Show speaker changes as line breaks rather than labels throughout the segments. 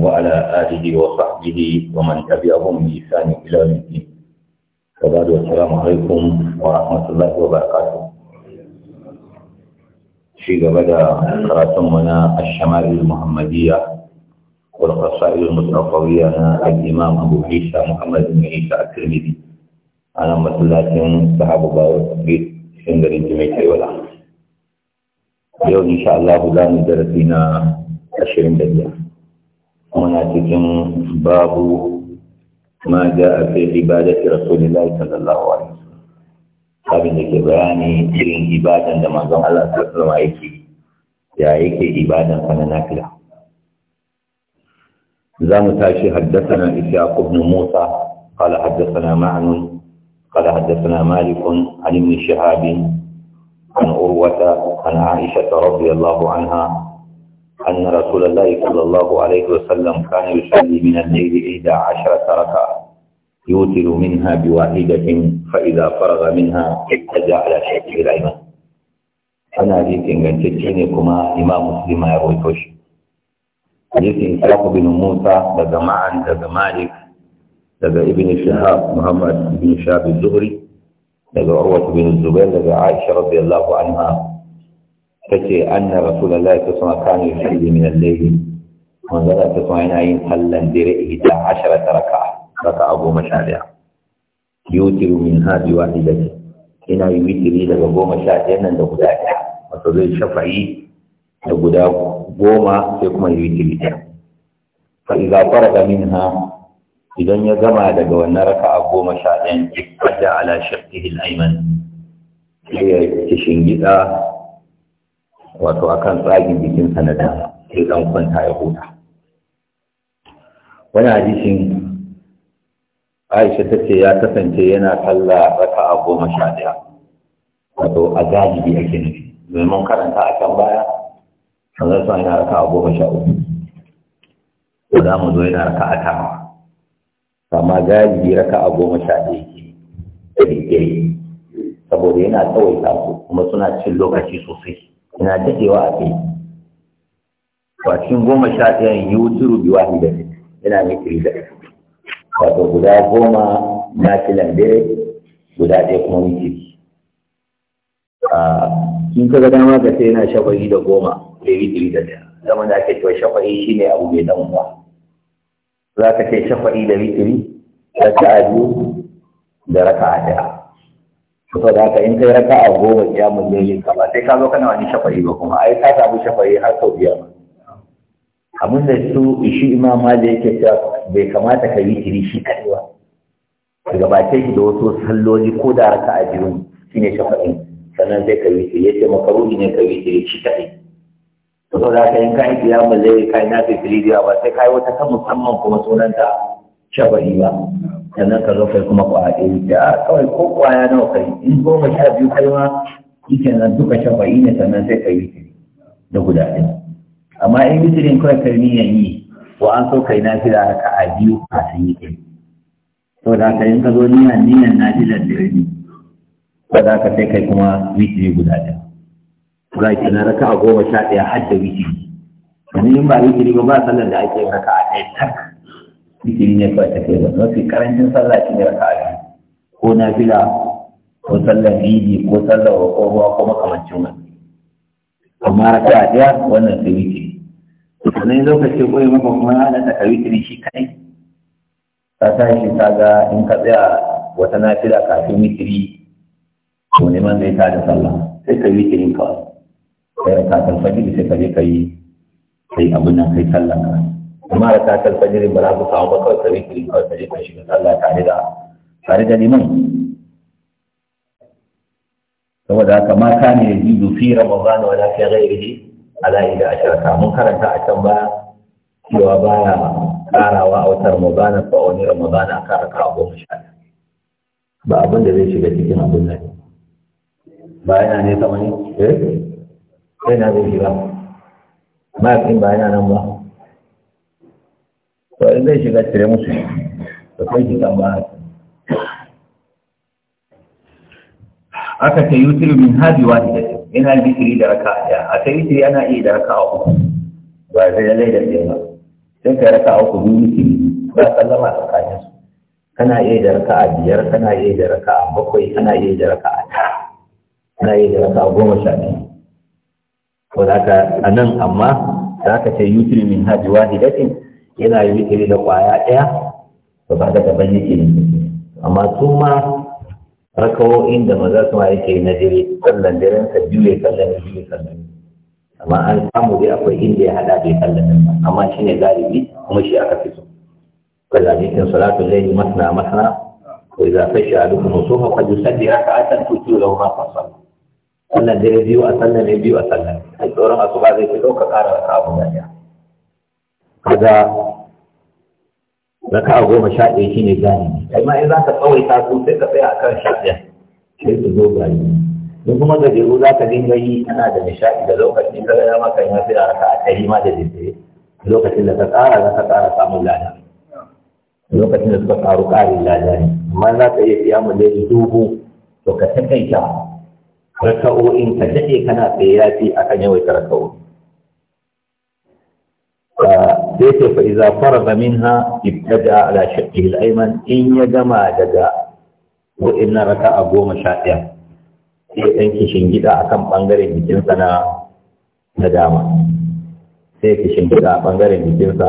وعلى آله وصحبه ومن تبعهم بإحسان إلى يوم الدين وبعد السلام عليكم ورحمة الله وبركاته شيء بدأ منا الشمائل المحمدية والقصائد المتنقوية الإمام أبو عيسى محمد بن عيسى الترمذي أنا مسلاتين صحاب باوت بيت شندر الجميع ولا اليوم إن شاء الله لا ندرسنا 20 دقيقة muna cikin babu ma ja a fi ibadati rasulillahi sallallahu alaihi wasallam abin da ke bayani irin ibadan da manzon Allah sallallahu alaihi wasallam yake ya yake ibadan sa na nafila za mu tashi na ishaq ibn musa kala haddathana ma'nun قال حدثنا مالك عن ابن شهاب عن عروة عن عائشة أن رسول الله صلى الله عليه وسلم كان يصلي من الليل إحدى عشرة ركعة يوتر منها بواحدة فإذا فرغ منها اتجع على شكل الأيمن أنا حديث إنجان كما إمام مسلم يروي حديث إسحاق بن موسى لدى معن لدى مالك لدى ابن شهاب محمد بن شهاب الزهري لدى عروة بن الزبير لدى عائشة رضي الله عنها tace anna rasulallah, sallallahu alaihi kanu kana yusalli min al-layl manzo Allah sallallahu yana yin sallan dare 11 raka a goma sha daya yutiru min hadi wahidati ina yi witiri daga goma sha daya nan da guda ɗaya, wato zai shafa'i da guda goma sai kuma yi witiri daya fa idza faraga minha idan ya gama daga wannan raka a goma sha ɗayan ikkaja ala shaqihi al-ayman sai ya kishingida wato akan tsagin jikinsa na dama sai kwanta ya huta wani hadisin aisha ta ce ya kasance yana kalla raka a goma sha ɗaya wato a galibi ake nufi domin karanta a can baya zan sa yana raka a goma sha uku ko za mu zo yana raka a tara amma galibi raka a goma sha ɗaya ke ɗari, saboda yana tsawaita su kuma suna cin lokaci sosai ina daɗewa a kai bakin goma sha ɗayan yuturu bi wahida ina mitri da wato guda goma na filan dare guda ɗaya kuma A kin kaga dama ka sai yana shafa'i da goma da mitri da ɗaya zama da ake cewa shafa'i shine abu mai dan uwa za ka ce shafa'i da mitri raka'a biyu da raka'a ɗaya to da haka in kai raka a goma ya mun ne yin kama sai ka zo kana wani shafa'i ba kuma ai ka samu shafa'i har sau biyar abin da su shi imama da yake cewa bai kamata ka yi kiri shi kaɗai ba ka gabace shi da wasu salloli ko da raka a shi shine shafa'i sannan sai ka yi tiri yace makaruni ne ka yi kiri shi kaɗai to da haka in ka yi kiyama zai kai na fi tiri ba sai kai wata ta musamman kuma sunanta shafa'i ba sannan ka zo kai kuma kwaya ɗaya da kawai ko kwaya nawa kai in goma sha biyu kai ma shi kenan duka shafa'i ne sannan sai ka yi da guda ɗaya amma in witirin kawai kai niyan yi wa an so kai na fila haka a biyu kafin yi kai to da ka yin ka zo niyan niyan na ji da rabi ba za ka sai kai kuma witiri guda ɗaya ga ki na raka a goma sha ɗaya har da witiri domin in ba witiri ba ba sallar da ake raka a ɗaya tak cikin ne ba ta kai ba mafi karancin sallah shi ne raka'a biyu ko nafila ko sallar bibi, ko sallar ruwa ko makamancin wani amma raka'a ɗaya wannan sai wikiri sannan lokacin koyi maka kuma ana ta ka wikiri shi kai ta tashi ta ga in ka tsaya wata nafila kafin wikiri to neman zai ta da sallah sai ka wikirin kawai sai ka da sai ka je ka yi sai abin nan kai sallah kawai amma da ta kalfa jirin ba za ku samu ba kawai ka kiri kawai ka je shi shiga sallah tare da tare da liman saboda haka ma kana yajidu fi ramadan wala fi ghairihi ala ila asharaka mun karanta a can ba cewa ba ya karawa a wata ramadana ko a wani a ka raka a goma sha ba abin da zai shiga cikin abin nan ba yana ne sama ne eh sai na zai shiga ba yakin ba yana nan ba to in zai shiga cire musu da kai shiga ba aka ce yutiru min hadi wa da Ina zikiri da raka ɗaya a yi yutiri ana iya da raka uku ba lalai da laida ce ba sai kai raka a uku biyu zikiri ba sallama tsakanin su kana iya da raka a biyar kana iya da raka a bakwai kana iya da raka a tara kana iya da raka a goma sha biyu ko da ka a nan amma za ka ce yutiru min hadi wa da yana yi witiri da kwaya ɗaya ba ba daga ban yake ne amma su ma rakawo inda maza su ma yake na dare sallan daren ka biyu ya sallan biyu ya sallan amma an samu dai akwai inda ya hada bai sallan ba amma shine galibi kuma shi aka fi so kallamitin salatu yi masana masana ko idza fasha alukum sufa qad yusalli raka'atan tutu lahu ma fasal sallan dare biyu a sallan biyu a sallan a tsoron asuba zai fi ɗauka ƙara abu guda ɗaya kaga raka goma sha ɗaya shi ne gani ne kai ma in za ka ta su sai ka tsaya a kan sha ɗaya sai su zo gani in kuma jeru za ka dinga yi ana da nishaɗi da lokacin ka gaya maka ya sai a raka a ɗari ma da daidai lokacin da ka tsara za ka tsara samun lada lokacin da suka ƙaru ƙarin lada ne amma za ka iya siya mu laifin dubu to ka taƙaita raka'o'in ka daɗe kana tsaye ya fi akan yawaita raka'o'in ah, sai ce fa iza farada minha ibtada ala shaqqihi al-ayman in ya gama daga wa'innan raka'a goma sha ɗaya sai dan kishin gida akan bangaren na na dama sai a bangaren jikinsa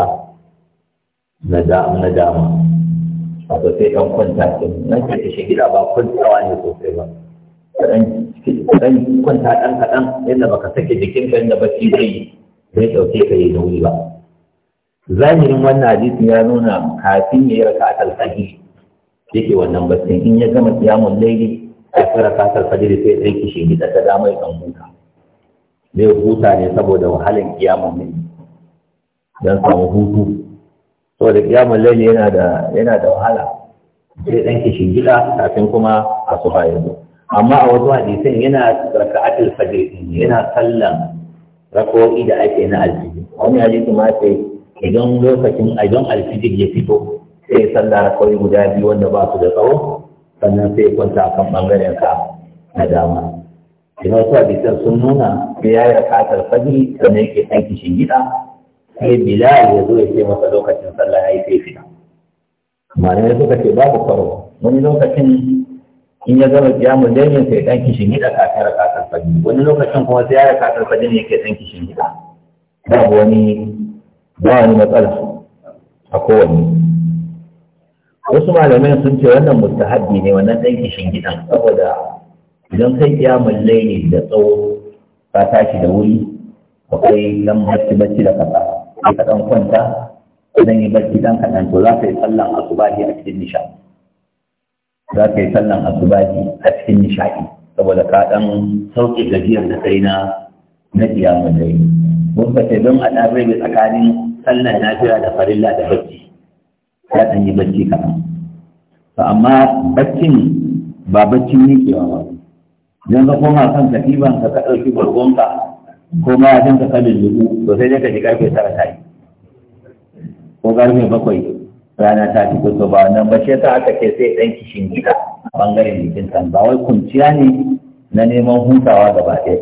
na na dama wato sai dan kwanta ce nan kishin gida ba kwantawa ne sosai ba kwanta yadda baka sake jikinka yadda bacci zai zai ɗauke ka yi nauyi ba zahirin wannan hadisin ya nuna kafin ya yi raka'atul fajr yake wannan baccin in ya gama Ya layli kafin raka'atul fajr sai ya kishi shi gida ta dama ya kan huta zai huta ne saboda wahalan kiyamun laili don samu hutu saboda da laili yana da yana da wahala sai dan kishi gida kafin kuma a su bayan zo amma a wasu hadisan yana raka'atul fajr yana sallan rako'i da ake na alfiji wani hadisi ma sai idan lokacin idan alfijir ya fito sai ya salla rakawai guda biyu wanda ba su da tsawo sannan sai ya kwanta a kan ɓangaren ka na dama idan wasu hadisan sun nuna sai ya yi rakatar fajiri sannan yake aiki gida, sai bilal ya zo ya ce masa lokacin sallah ya yi sai fita malamai suka ce babu karo wani lokacin in ya gama kiyamun dangin sai ɗan kishin gida kafin rakatar fajr wani lokacin kuma sai ya rakatar fajr ne ke ɗan kishin gida babu wani ba wani matsala a kowanne wasu malamai sun ce wannan mustahabbi ne wannan ɗan kishin gidan saboda idan kai kiyamun laili da tsawo ka tashi da wuri akwai dan bacci bacci da kasa sai ka dan kwanta idan yi bacci dan kaɗan to za ka yi sallan asubahi a cikin nishaɗi za ka yi sallan asubahi a cikin nishaɗi saboda ka dan sauke gajiyar da kai na na kiyamun laili mun ka ce don a ɗan rage tsakanin na jira da farilla da bacci ya ɗan yi bacci kaɗan to amma baccin ba baccin miƙewa ba don ka koma kan katiban ka ɗauki bargonka ko ma ya ka kalin lugu to sai dai ka ji karfe tara ta yi ko karfe bakwai rana ta fi to ba nan ba shi ta aka ce sai ɗan kishin gida a ɓangaren jikin kan ba wai kunciya ne na neman hutawa gaba ɗaya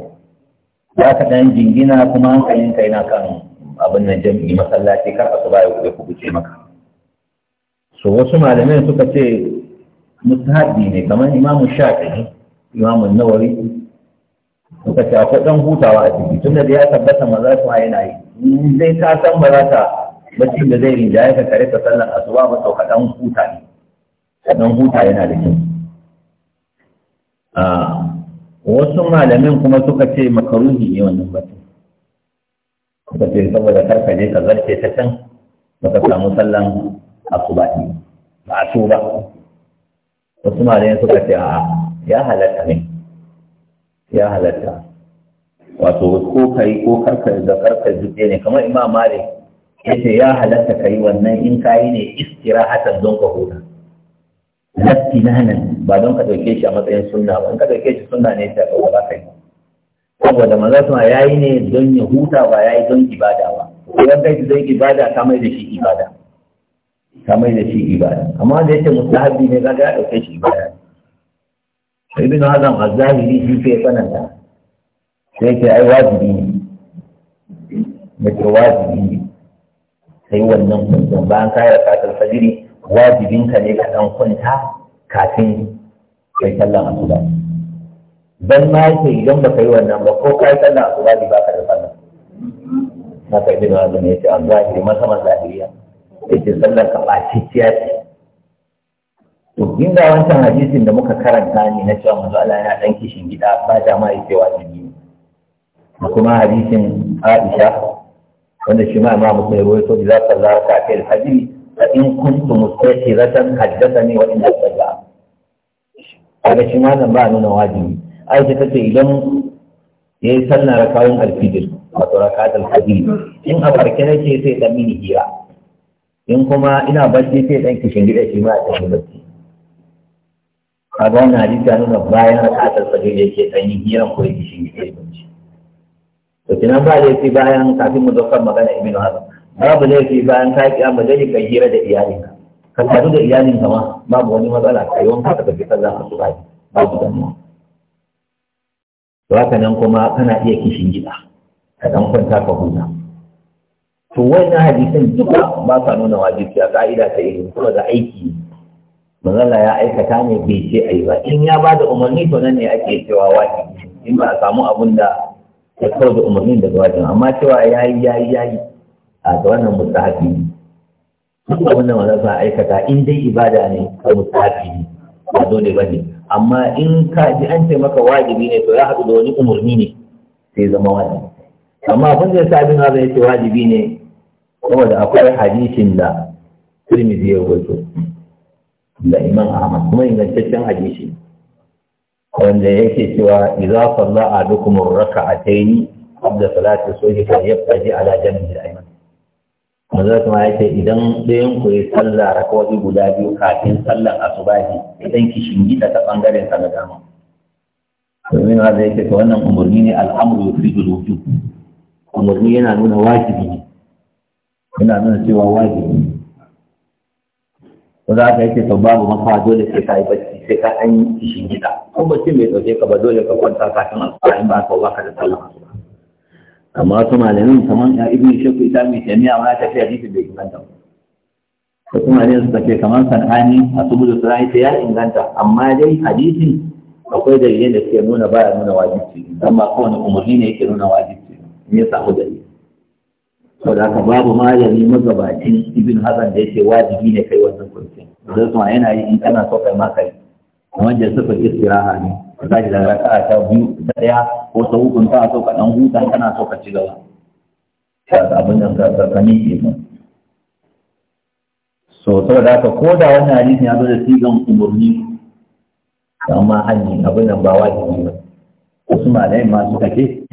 za ka ɗan jingina kuma hankalinka yana kan abin nan jam'i masallaci kar a ba ya kubuce maka so wasu malamai suka ce mustahabi ne kamar imamu shafi'i imamu nawari suka ce akwai dan hutawa a ciki tun da ya tabbata maza su yana yi zai ka san ba za ta bacci da zai rinjaye ka kare ta sallar asuba ba sau ka dan huta ne ka huta yana da kyau ah, wasu malamin kuma suka ce makaruhi ne wannan batun suka ce saboda karka je ka zarce ta can baka samu sallan ne. ba a ba wasu malayen suka ce a ya halatta ne ya halatta wato ko kai ko karka da karka zuke ne kamar imam malik ya ce ya halatta kai wannan in ka yi ne istirahatan don ka huta lafi nan ba don ka ɗauke shi a matsayin suna ba in ka ɗauke shi suna ne ta ɗauka ba kai saboda maza suna yayi ne don ya huta ba yayi don ibada ba idan kai zai ibada ka mai da shi ibada ka mai da shi ibada amma da yake mustahabi ne kaga ya dauke shi ibada sai bin hazan ne shi ke da sai ke ai wajibi ne mace wajibi ne sai wannan kuntun bayan kayar katar fajiri wajibinka ne ka dan kwanta kafin kai sallan asuba dan ma yake idan ba ka yi wannan ba ko ka yi sallah a tsubali ba ka da sallah na ka ibn azumi ya ce an zahiri masaman zahiriya ya ce sallar ka ɓacicciya ce to inda wancan hadisin da muka karanta ne na cewa manzo Allah yana dan kishin gida ba da ma yake wajibi ne da kuma hadisin Aisha wanda shi ma Imam Muslim ya rawaito idza sallara ka fil hadith fa in kuntum mustaqiratan haddathani wa in A kaga shi ma nan ba nuna wajibi aisha ta ce idan ya yi sallah kawun alfijir wato katar alfajir in a farke nake sai dan mini hira in kuma ina bacci sai dan kishin gida shi ma ta bacci A wannan hadisi ya nuna bayan rakat alfajir ke dan yin hiran ko kishin gida ya bacci to kina ba yake bayan kafin mu zaukar magana ibnu hazm babu yake bayan ka ki amma dai ka hira da iyalinka ka sadu da iyalinka ma babu wani matsala kai wanka ka tafi sallah ka su babu damuwa to nan kuma kana iya kishin gida ka ɗan kwanta ka huta to wannan hadisan duka ba ka nuna wajibi a ka'ida ta irin kuma da aiki manzala ya aikata ne bai ce a yi ba in ya ba da umarni to nan ne ake cewa wajibi in ba a samu abun da ya kawo da umarnin daga wajen amma cewa ya yi ya yi ya yi a ga wannan mustahabi ne duk abin za a aikata in dai ibada ne ko mustahabi ne ba dole ba ne amma in ka ji an ce maka wajibi ne to ya haɗu da wani umarni ne sai zama wajibi amma abin da ya sa abin ya ce wajibi ne da akwai hadisin da Tirmidhi ya wato da Imam Ahmad kuma ingantaccen hadisi wanda yake cewa idza salla ahadukum rak'atayn qabla salati subhi falyabtaji ala jambi manzo kuma ya ce idan ɗayan ku yi sallah rakawai guda biyu kafin sallar asubahi idan ki shingida ta bangaren sa na dama domin ma zai ce wannan umarni ne al'amru yufidul wujub umarni yana nuna wajibi ne yana nuna cewa wajibi ne ko za ka yake to babu maka dole sai ka yi bacci sai ka an yi shingida ba ce mai dauke ka ba dole ka kwanta kafin asubahi ba ka ba ka da sallar asubahi amma wasu malamin kamar ya ibn shakku ita mai jami'a ma ta fiye hadisi bai inganta ba wasu malamin suka ce kamar sanani a subudu sunani ta ya inganta amma dai hadisi akwai dalilin da suke nuna baya nuna wajibci don ba kowane umarni ne yake nuna wajibci in ya samu dalili sau da haka babu malami magabacin ibn hazan da yake wajibi ne kai wannan kurkin zai yana yi in kana so kai ma kai kamar da suka ne ka tashi da raka'a ta biyu ta ɗaya ko ta uku ta so ka ɗan huta kana so ka ci gaba abin da ka ka miƙe mu so saboda haka ko da wannan hadisin ya zo da sigan umarni amma hanyar abin da ba wajibi ba wasu malamai ma suka ce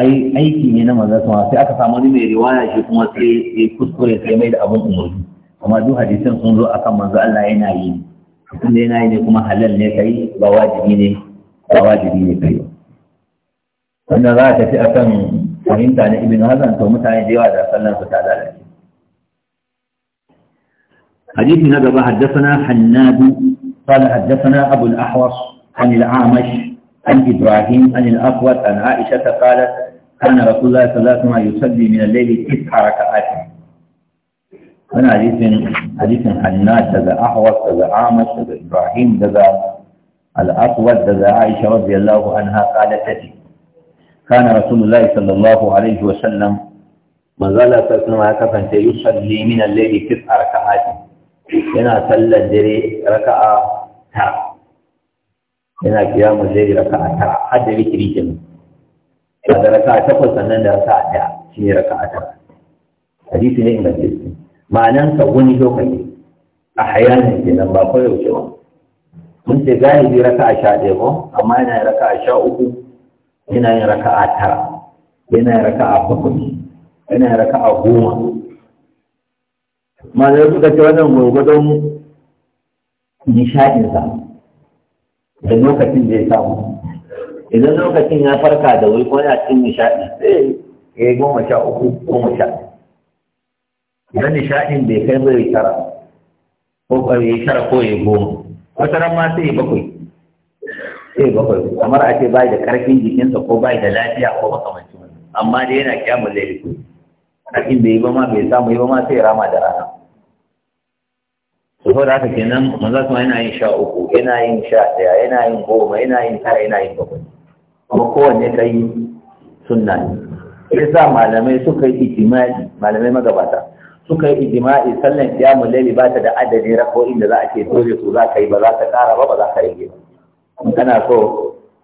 ai aiki ne na manzon sama sai aka samu wani mai riwaya shi kuma sai ya kuskure sai mai da abin umarni amma duk hadisin sun zo akan manzo Allah yana yi abin da kuma halal ne kai ba wajibi ne ba wajibi za a tafi a kan fahimta na ibn hazan to mutane da yawa da sallan su ta lalace حديث نبي حدثنا حناد قال حدثنا أبو الأحوص عن الأعمش عن إبراهيم عن الأقوت عن عائشة قالت كان رسول الله صلى الله عليه وسلم يصلي من الليل تسع ركعات wani hadisin hadisin hanna daga ahwas daga amash daga ibrahim daga al'aswad daga aisha radiyallahu anha qalat tati kana rasulullahi sallallahu alaihi wa sallam manzala ta kuma ya kasance yusalli min al-layli tis'a raka'atin yana sallar dare raka'a tara yana kiyamun dare raka'a tara har da wikiri kenan da raka'a takwas sannan da raka'a ɗaya shi ne raka'a tara hadisi ne ka wani lokaci a hayanin kenan ba koyaushe ba mun ce galibi raka a sha ɗaya ko amma yana yin raka a sha uku yana yin raka a tara yana yin raka a bakwai yana yin raka a goma zai suka ce wannan gwargwadon nishaɗinsa da lokacin da ya samu idan lokacin ya farka da wuri ko yana cikin nishaɗi sai ya yi goma sha uku goma sha idan nishaɗin bai kai bai tara ko bai tara ko ya goma wata ran ma sai bakwai sai bakwai kamar a ce bai da karfin jikinsa ko bai da lafiya ko makamancin wannan amma dai yana kyamun laifin karfin bai yi ba ma bai samu yi ba ma sai rama da rana sau da haka kenan manzo kuma yana yin sha uku yana yin sha ɗaya yana yin goma yana yin tara yana yin bakwai kuma kowanne ka yi sunna ne ya sa malamai suka yi ijimali malamai magabata suka yi ijima'i sallan qiyamul laili ba ta da adadin rak'o'in da za a ce dole su za ka yi ba za ka ƙara ba ba za ka rage ba in kana so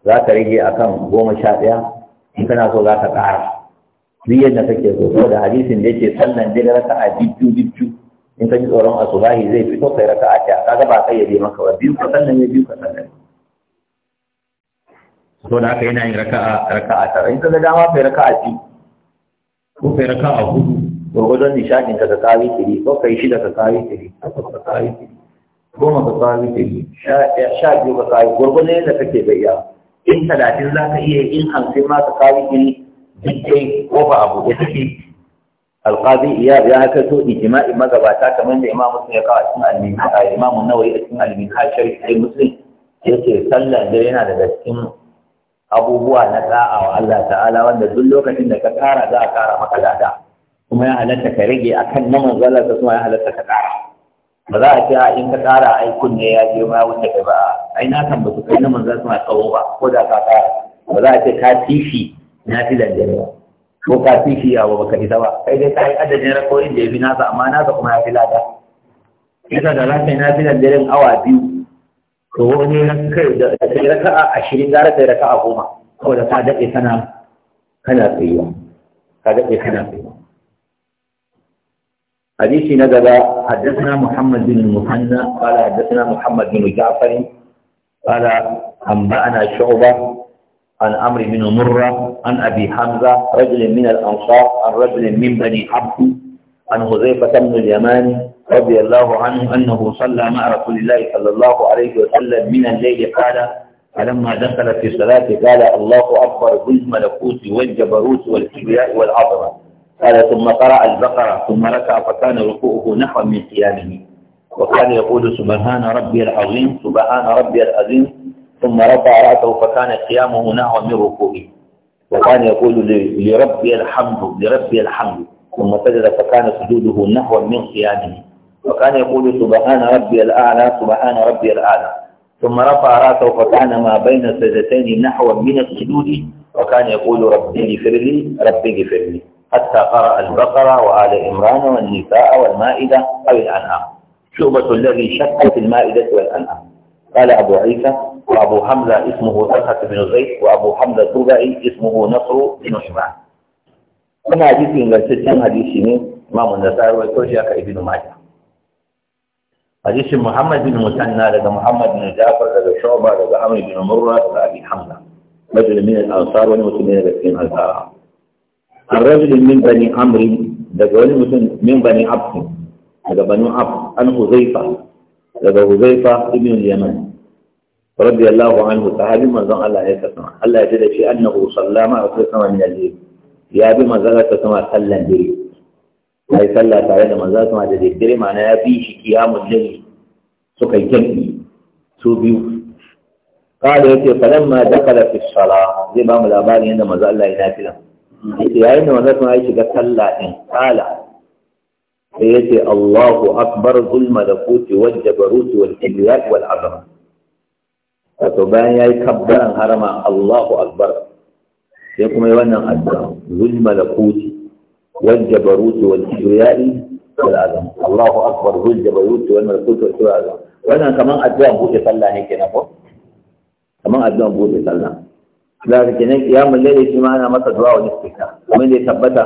za ka rage akan goma sha ɗaya in kana so za ka ƙara duk yadda kake so da hadisin da yake sallan dai raka'a bibbiyu bibbiyu in ka ji tsoron asubahi zai fito kai raka'a ɗaya kaga ba je maka ba biyu ka sallan ya biyu ka sallan So da aka yana yin raka'a raka'a tara in ka ga dama kai raka'a biyu ko kai raka'a hudu gwagwadon nishaɗin ka ka kawo tiri ko kai shida ka kawo tiri ka kawo tiri goma ka kawo tiri sha biyu ka kawo gwagwadon yadda kake bayya in talatin za ka iya in hamsin ma ka kawo tiri duk dai kofa abu ya take alqazi iyab ya haka to ijma'i magabata kamar da imam sun ya kawo cikin alimin minhaj imamu nawawi a cikin al sai sharhi ya ce sallah da yana daga cikin abubuwa na ɗa'a wa Allah ta'ala wanda duk lokacin da ka kara za a kara maka lada kuma ya halatta ka rage a kan na manzala ta kuma ya halatta ka ƙara ba za a ce a in ka ƙara ai kunne ya girma wanda ka ba ai na kan su kai na manzala suna tsawo ba ko da ka ƙara ba za a ce ka tishi na fi da ba ko ka tishi abu ba ka isa ba kai dai ka yi adadin rakoyin da ya fi nasa amma nasa kuma ya fi lada isa da za ka yi na fi lanjani awa biyu to wani raka a ashirin gara kai raka a goma saboda ka daɗe kana kana tsayuwa ka daɗe kana tsayuwa حديث ندب حدثنا محمد بن المثنى قال حدثنا محمد بن جعفر قال أنبأنا شعبة عن أمر بن مرة عن أبي حمزة رجل من الأنصار عن رجل من بني عبد عن حذيفة بن اليمان رضي الله عنه أنه صلى مع رسول الله صلى الله عليه وسلم من الليل قال فلما دخل في الصلاة قال الله أكبر ذو الملكوت والجبروت والكبرياء والعظمة قال ثم قرأ البقرة ثم ركع فكان ركوعه نحو من قيامه وكان يقول سبحان ربي العظيم سبحان ربي العظيم ثم رفع رأسه فكان قيامه نحو من ركوعه وكان يقول لربي الحمد لربي الحمد ثم سجد فكان سجوده نحو من قيامه وكان يقول سبحان ربي الأعلى سبحان ربي الأعلى ثم رفع رأسه فكان ما بين سجدتين نحو من السجود وكان يقول ربي اغفر لي ربي اغفر لي حتى قرأ البقرة وآل عمران والنساء والمائدة أو الأنعام شعبة الذي شك في المائدة والأنعام قال أبو عيسى وأبو حمزة اسمه طلحة بن زيد وأبو حمزة الطبعي اسمه نصر بن حماد أنا حديث إنجلتين حديث من إمام النسائي وكوشيك ابن ماجه حديث محمد بن مسنى لدى محمد بن جعفر لدى شعبة لدى عمرو بن مرة لدى أبي حمزة رجل من الأنصار والمسلمين الذين أنصارهم a rajulun min bani amri daga wani mutum min bani abdu daga banu abdu an huzaifa daga huzaifa ibn yaman radiyallahu anhu sahabi manzon Allah ya kasa Allah ya ce da shi annahu sallama a sama min ya bi manzon Allah sama sallan Ya yi sallah tare da manzon sama da dare ma'ana ya bi shi kiyamul layl suka yi su biyu قال يتي فلما دخل في الصلاة زي ما ملابان يندم الله ينافلا yayin da wannan sun shiga sallah din kala sai yace Allahu akbar da kuti, wal jabarut wal kibriyat wal azama wato bayan yayi kabbaran harama Allahu akbar sai kuma yi wannan addu'a da kuti, wal jabarut wal kibriyat wal azama Allahu akbar zul jabarut wal malakuti wal kibriyat wal azama wannan kaman addu'a buɗe sallah ne kenan ko kaman addu'a buɗe sallah za ka kenan kiyamun laili shi ma ana masa du'a wani sika kamar da ya tabbata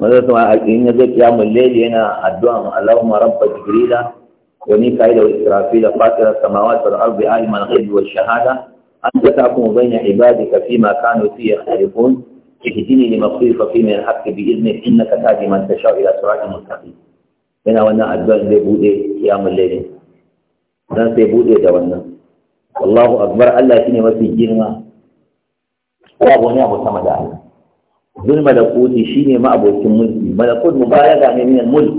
maza su ma alƙin zai kiyamun laili yana addu'a Allahumma rabba jibrila da mika'ila wa israfila fatira samawati wal ardi alim al ghaibi wash shahada ta kuma anta tahkumu bayna ibadika fima kanu fihi yakhtalifun ihdini lima ikhtalafa fihi min al-haqqi bi idhnik innaka tahdi man tasha'u ila siratin mustaqim yana wannan addu'a zai bude kiyamun laili dan sai bude da wannan wallahu akbar Allah shine mafi girma babu wani abu sama da Allah zul malakuti shine abokin mulki malakut mubalaga ne min mulk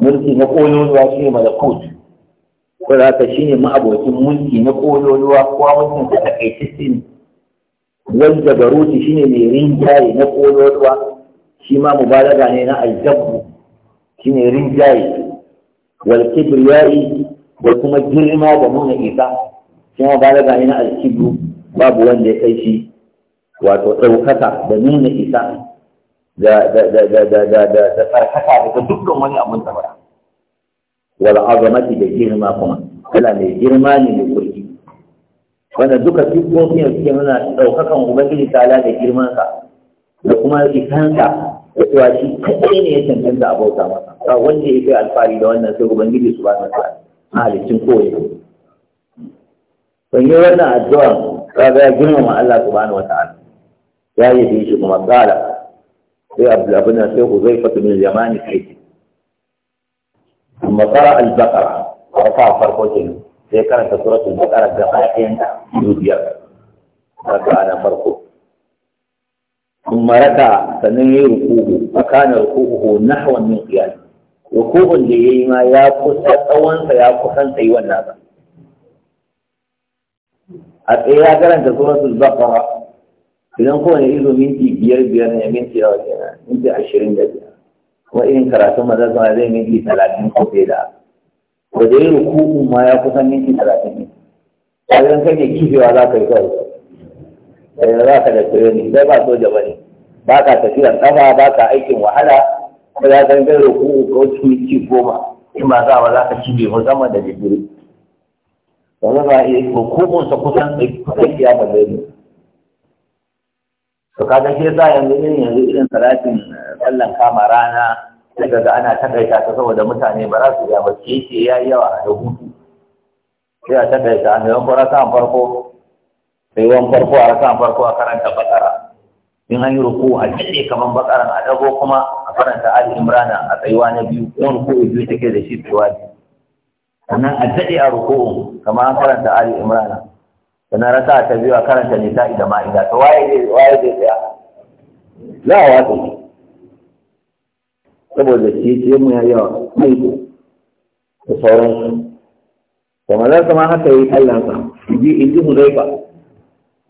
mulki na kololuwa shine malakut ko da haka shine abokin mulki na kololuwa ko mulkin da takaitacce ne wal jabaruti shine mai rinjaye na kololuwa shi ma mubalaga ne na aljabu shine rinjaye wal kibriyai da kuma girma da nuna isa shi ma mubalaga ne na alkibru babu wanda ya kai shi wato ɗaukaka da nuna isa da da tsarkaka daga dukkan wani abun tsabara wal azamati da girma kuma kala mai girma ne mai kurki wanda duka siffofin da suke nuna ɗaukakan ubangiji tala da girmansa da kuma isansa da cewa shi kaɗai ne ya cancanta a bauta masa ba wanda ya kai alfahari da wannan sai ubangiji su ba na sa a halittun kowai ban yi wannan addu'a kaga ya girmama Allah subhanahu ta'ala ya yi bi shi kuma tsara sai abin na sai ku zai fata min yamani kai amma tsara albakara a ta farko ke sai karanta suratul bakara gaba ɗayan su biyar raka na farko kuma raka sannan ya yi rukuhu a kanar rukuhu hawan min qiyam rukuhun da ya yi ma ya kusa tsawonsa ya kusan sai wannan ba a tsaye ya karanta suratul baqara idan kowane izo minti biyar biyar ne minti yawa kenan minti ashirin da biyar kuma irin karatun maza sama zai minti talatin ko fiye da ko da yin kuku ma ya kusan minti talatin ne a idan kai ne kifewa za ka yi kawai da eh, za ka da tireni sai ba soja ba ne ba ka tafiya kafa ba ka aikin wahala ko za ka kai ruku ko tuki goma in ba za ba za ka kife musamman da jibiri. Wani ba eh, iya sa kusan tsakiya ba zai ne. to kaga shi yasa yanzu ne yanzu irin salatin eh, sallan kama rana sai kaga ana takaita ta saboda mutane ba za su ga ba ce ya yayi yawa da hutu sai a takaita a maimakon rakan farko sai wan farko a rakan farko a karanta bakara in an yi ruku a jade kamar bakaran a dago kuma a karanta ali imran a tsayuwa na biyu wani ruku biyu take da shi tsayuwa biyu sannan a jade a ruku kamar an karanta ali imran sannan raka ta biyu a karanta nisa'i da ma'ida to waye zai waye zai tsaya za a watsa shi saboda shi ciye mu ya yawa maiko da sauransu da maza ma haka yi sallansa in ji huzaifa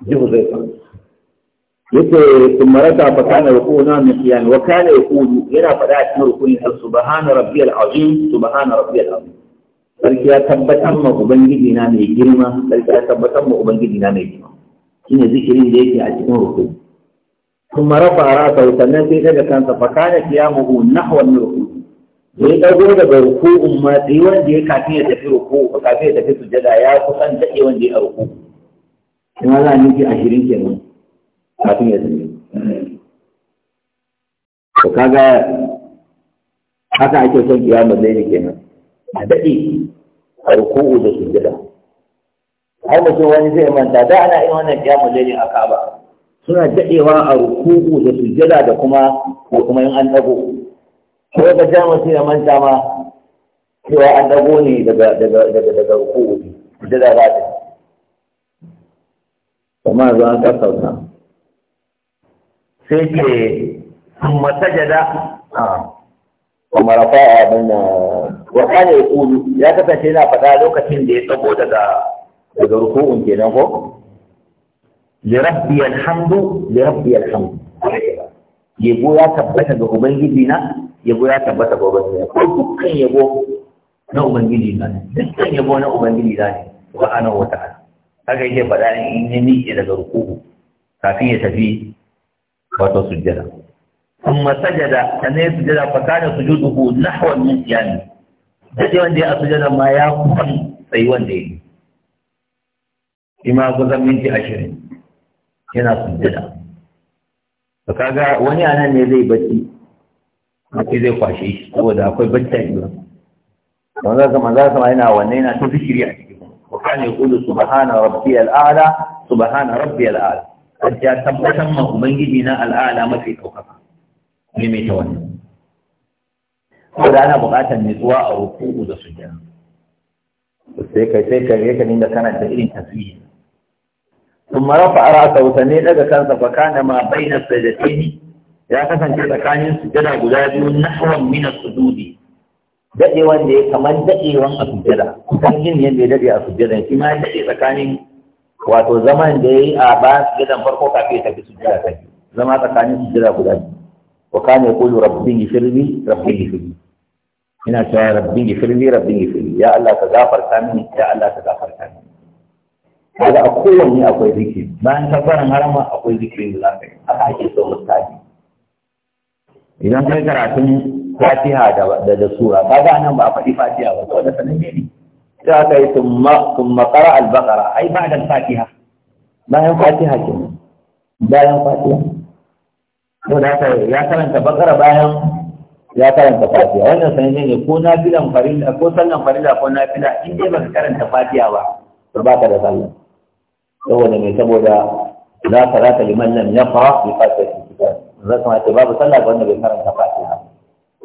ji huzaifa yake tumarata fa kana rukuna min qiyam wa kana yaqulu yana fada cikin rukuni subhana rabbiyal azim subhana rabbiyal azim sarki ya tabbatar ma ubangiji na mai girma sarki ya tabbatar ma ubangiji na mai girma shine zikirin da yake a cikin rukun kuma rafa rasa sannan sai daga kansa fa kana na nahwa ruku da ya dago daga rukun ma sai wanda ya kafin ya tafi ruku kafin ya tafi sujada ya kusan dade wanda ya ruku in Allah ne ki ashirin kenan kafin ya tafi to kaga haka ake son zai ne kenan a daɗe a rukuku da sujjada har mutum wani zai manta da ana yin wannan kiyamun lailin a kaba suna daɗewa a rukuku da sujjada da kuma ko kuma yin an ɗago. ko ka ja mutum ya manta ma cewa an ɗago ne daga daga daga daga ruku'u sujjada ba ta kuma zuwa ka sauka sai ke sun masajada a ah. kuma rafa a bana wata ne yaqulu ya kasance yana faɗa lokacin da ya tsago daga daga ruku'un kenan ko li rabbi alhamdu li rabbi alhamdu yabo ya tabbata ga ubangiji na yabo ya tabbata ga ubangiji na ko dukkan yabo na ubangiji na dukkan yabo na ubangiji na ne ana wata ta'ala haka yake faɗa in ni daga ruku'u kafin ya tafi wato sujjada ne ثم سجد أن يسجد فكان سجوده نحو النسيان ce wanda ya sujada ma ya kwan sai wanda ya yi. ima gozan minti ashirin yana sujada to kaga wani anan ne zai bacci sai zai kwashe shi saboda akwai bacci a ido wanda kuma za su yana wanne yana ta zikiri a ne cikin wa kana yaqulu subhana rabbiyal a'la subhana rabbiyal a'la kaje tabbatar ma ubangiji na al'ala mafi daukaka maimaita wannan ko da ana buƙatar nutsuwa a ruku'u da sujjada sai kai sai kai ka dinga karanta irin tasiri. tasbihi ثم رفع رأسه سنين لك كان فكان ما da السجدتين ya kasance tsakanin sujada guda biyu na nahwan min su sujudi dadewan da ya kamar dadewan a sujada kusan yin yadda ya dade a sujada shi ma ya dade tsakanin wato zaman da ya yi a ba sujadan farko kafin ya tafi sujada ta zama tsakanin sujada guda biyu wa kana yaqulu rabbi ighfirli rabbi ighfirli ina cewa rabbi ighfirli rabbi ighfirli ya Allah ka gafarta mini ya Allah ka gafarta mini kaga a kowanne akwai zikiri bayan tabbaran harama akwai zikiri zaka yi haka ake so mutane idan kai karatun fatiha da da sura kaga nan ba a faɗi fatiha ba saboda sananne ne sai aka yi thumma thumma qara al-baqara ai ba da fatiha bayan fatiha kenan bayan fatiha ko da ka ya karanta bakara bayan ya karanta fatiya. wannan sanin ne ko na filan farilla ko sannan farilla ko na fila in dai ka karanta fatiya ba to baka da sallah saboda ne saboda za la salata liman lam yaqra bi fatihi zakama ta babu sallah ga wanda bai karanta fatiya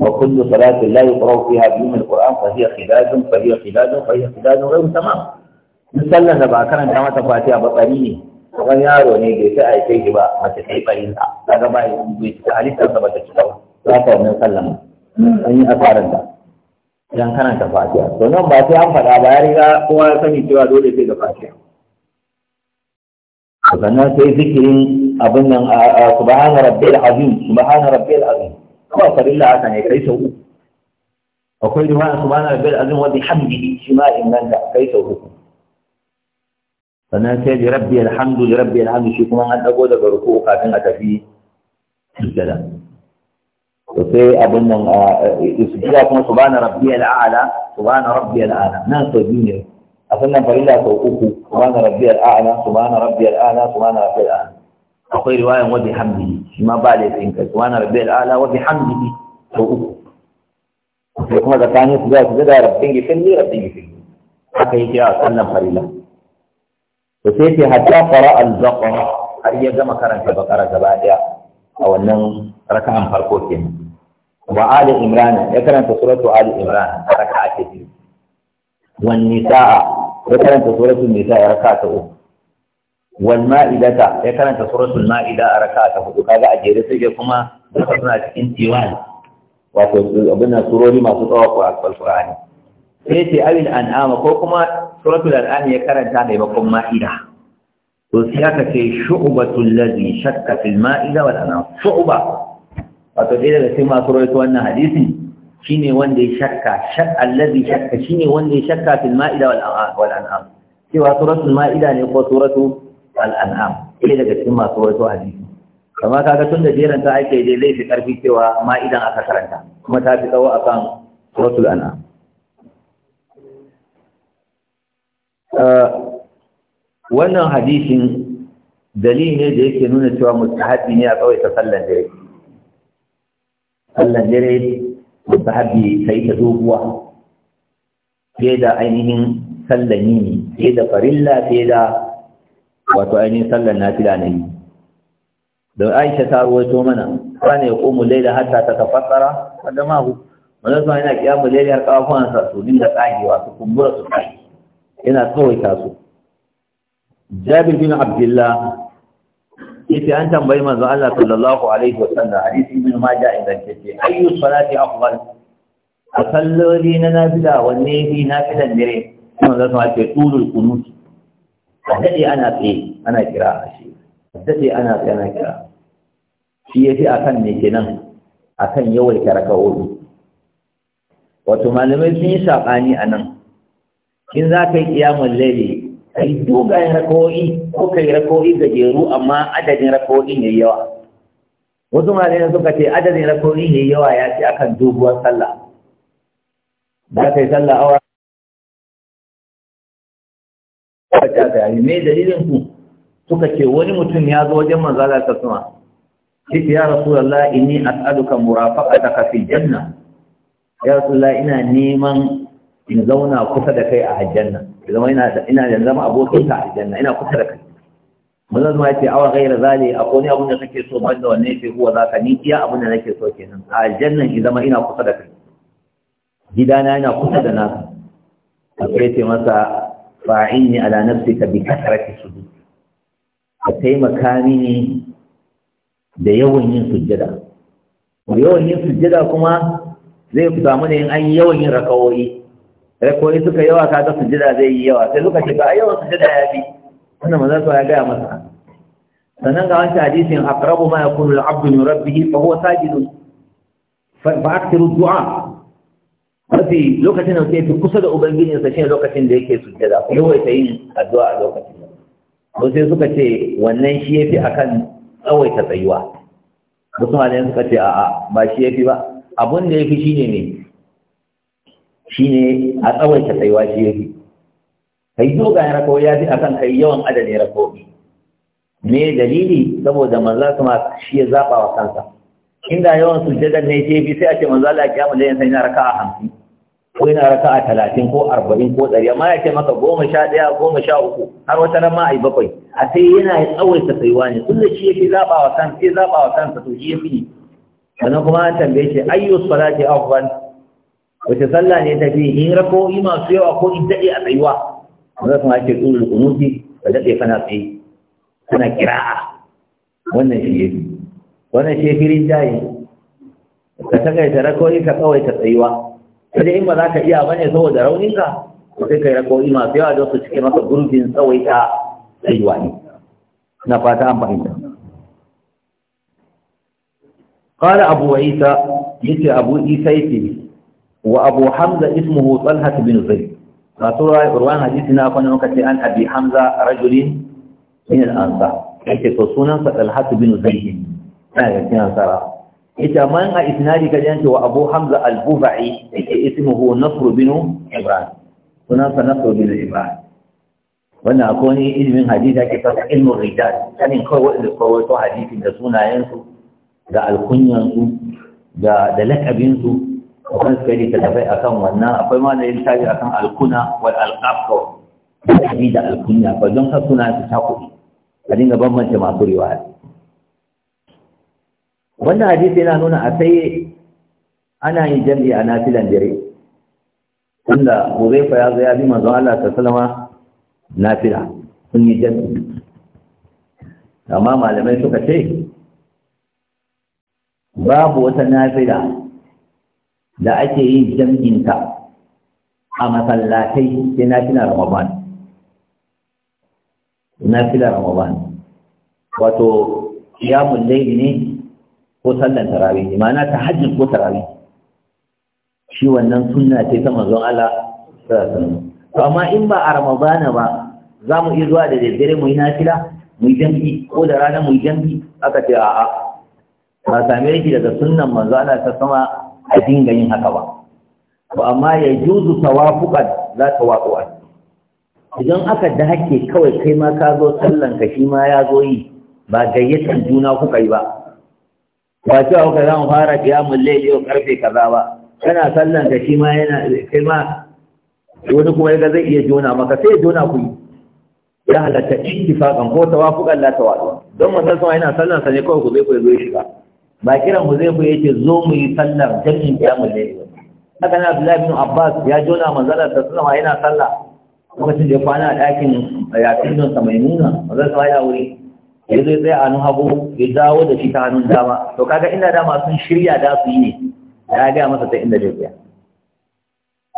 wa kullu salati la yuqra fiha bi min alquran fa hiya khilajun fa hiya khilajun fa hiya khilajun wa tamam sallan da ba karanta mata fatiya ba tsari ne kamar yaro ne bai ta aife shi ba mace ta yi barinta kaga ba bai ta halittarsa ba ta cika ba za ka wannan sallama an yi da idan kana ta fatiha to nan ba sai an faɗa ba ya riga kowa ya sani cewa dole sai da A sannan sai zikirin abin nan a subhana rabbil azim subhana rabbil azim kuma farilla aka ne kai sau uku akwai ruwa subhana rabbil azim wa bihamdihi shi ma inganta kai sau uku sannan sai da rabbi alhamdu da rabbi alhamdu shi kuma an dago daga ruku kafin a tafi sujjada to sai abin nan a sujjada kuma subhana rabbi al'ala subhana rabbi al'ala nan sau biyu ne a sannan farilla sau uku subhana rabbi al'ala subhana rabbi al'ala subhana rabbi al'ala akwai riwayan wa bihamdihi shi ma ba laifin kai subhana rabbi al'ala wa bihamdihi sau uku sai kuma tsakanin su za su gada rabbin gifin ne rabbin gifin haka yake a sannan farilla to sai ce hatta qara al-baqara har ya gama karanta bakara gaba daya a wannan raka'an farko kenan wa ali imran ya karanta suratu ali imran a raka'a ta biyu wan nisaa ya karanta suratu nisaa a raka'a ta uku wal ma'idata ya karanta suratul ma'ida a raka'a ta hudu kaga a jere sai kuma duka suna cikin diwan wato abin nan surori masu tsawo ko alqur'ani sai ce abin an'ama ko kuma suratul an'am ya karanta maimakon ma'ida to sai aka ce shu'batul ladhi shakka fil ma'ida wal an'am shu'ba wato dai daga cikin masu rawaito wannan hadisi shine wanda ya shakka shak allazi shakka shine wanda ya shakka fil ma'ida wal wal an'am cewa suratul ma'ida ne ko suratu al an'am dai daga cikin masu rawaito hadisi kama kaga tun da jeran ta ake dai laifi karfi cewa ma'idan aka karanta kuma ta fi tsawo akan suratul an'am wannan hadisin dalili ne da yake nuna cewa mustahabi ne a tsawaita sallan dare sallan dare mustahabi sai ta doguwa fiye da ainihin sallan yini fiye da farilla fiye da wato ainihin sallan na nafila na yi da aisha ta ruwaito mana ne ya komu laila hatta ta tafassara wanda mahu manzon yana kiyamu laila har kafafuwansa su dinga tsagewa su kumbura su tsagewa yana tsawaita su jabir bin abdullah yace an tambayi manzo Allah sallallahu alaihi wasallam hadisi bin majah idan kace ayyu salati afdal asalloli na nafila wanne fi nafilan dare kuma za su ce tulul qunut dade ana tsaye ana kira shi dade ana tsaye ana kira shi yafi akan ne kenan akan yawaita rakawoyi wato malamai sun yi sabani anan in za ka yi kiyamun laili ka yi dogayen rakowi ko ka yi ga gajeru amma adadin rakowi ne yawa wasu malamai suka ce adadin rakowi ne yawa ya ce akan doguwar sallah za ka yi sallah awa me dalilin ku suka ce wani mutum ya zo wajen manzala ta suna shi ya rasu da a inni murafa a fil janna ya rasu la'ina, neman in zauna kusa da kai a aljanna zama ina da ina zama abokin ka a aljanna ina kusa da kai manzon zuma yace awa gaira zali akwai abun da kake so banda wanne yace huwa zaka ni iya abun da nake so kenan a aljanna in zama ina kusa da kai gidana ina kusa da naka. akwai yace masa fa'inni ala nafsika bi kasrati sujud ka taimaka mini da yawan yin sujjada yawan yin sujjada kuma zai samu ne in an yawan yin rakawoyi yi suka yawa kaga sujada zai yi yawa sai lokaci ce ba su sujada ya fi maza su ya gaya masa sannan ga wancan hadisin aqrabu ma yakunu al-'abdu min rabbih fa huwa sajid fa aktiru du'a mafi lokacin da yake kusa da ubangijinsa shine lokacin da yake sujada ko yawaita yin addu'a a lokacin ko sai suka ce wannan shi yafi akan tsawaita tsayuwa wasu ne suka ce a'a ba shi yafi ba abun da yafi shine ne Shi ne a tsawaita tsayuwa shi yake kai dogayen rako ya fi akan kai yawan adadin rakobi me dalili saboda manza su ma shi ya zaɓa wa kansa inda yawan sujjadar ne ce bi sai a ce manza la kiyamu da yansa yana raka'a hamsin ko yana raka'a talatin ko arba'in ko ɗari amma ya ce maka goma sha ɗaya goma sha uku har wata ran ma a yi bakwai a sai yana tsawaita tsayuwa ne da shi ya fi zaɓa wa kansa ya zaɓa wa kansa to shi ya fi sannan kuma an tambaye shi ayyus salati afwan wace sallah ne tafi in rako'i masu yawa ko in daɗe a tsayuwa wanda kuma ake tsoron kunuti ka daɗe kana tsaye kana kira'a wannan shi yafi wannan shi yafi rinjaye ka takaita rako'i ka tsawaita tsayuwa sai in ba za ka iya bane saboda rauninka ko sai kai rako'i masu yawa don su cike maka gurbin tsawaita tsayuwa ne na fata an fahimta قال أبو عيسى يتي أبو عيسى يتي wa abu hamza ismuhu talha bin zaid masu ruwan hadisi na kwanan muka ce an abi hamza rajulin min al-ansar yake to sunansa talha bin zaid na ga cikin ansara ita man a isnadi ka jance wa abu hamza al yake ismuhu bin ibrahim bin ibrahim wannan akwai wani ilimin hadisi ake fasa ilmin rijal sanin kawai wanda kawai to hadisi da sunayensu da alkunyansu da da lakabinsu akwai suka yi littattafai a kan wannan akwai ma da yin tafi a kan alkuna wal alƙafa da da alkunya ba don kan suna ta taku. a dinga mace masu riwaya wannan hadisi yana nuna a sai ana yin jam'i a nafilan dare tunda fa ya zo ya bi manzon Allah ta salama nafila sun yi jami'a amma malamai suka ce babu wata nafila da ake yin jam'inta a masallatai sai na fi na ramadan na fi na ramadan wato yamun laili ne ko sallan tarawih ne ma'ana ta hajjin ko tarawih shi wannan suna ce ta mazon Allah sallallahu to amma in ba a ramadana ba za mu iya zuwa da daidare mu yi nafila mu yi jam'i ko da rana mu yi jam'i aka ce a'a ba same yake daga sunan manzo ana ta sama a dinga yin haka ba to amma ya juzu tawafuqan la tawafuqan idan aka dake kawai kai ma ka zo sallan ka shi ma ya zo yi ba gayyatar juna kuka yi ba ba ce cewa kuka zama fara qiyamul layl yau karfe kaza ba kana sallan ka shi ma yana kai ma wani kuma yaga zai iya jona maka sai jona ku yi ya halatta ittifaqan ko tawafuqan la tawafuqan don sai yana sallan sa ne kawai ku zai ku zo shiga ba kiran mu zai ya ce zo mu yi sallar jami'in mu layl haka na Abdullahi bin Abbas ya jona manzala su zama yana sallah lokacin da ya kwana a ɗakin yafin eh, nan sa maimuna manzala sa yana wuri ya zai tsaya a hannun hagu ya dawo da shi ta hannun dama to kaga inda dama sun shirya da su yi ne ya gaya masa ta inda zai tsaya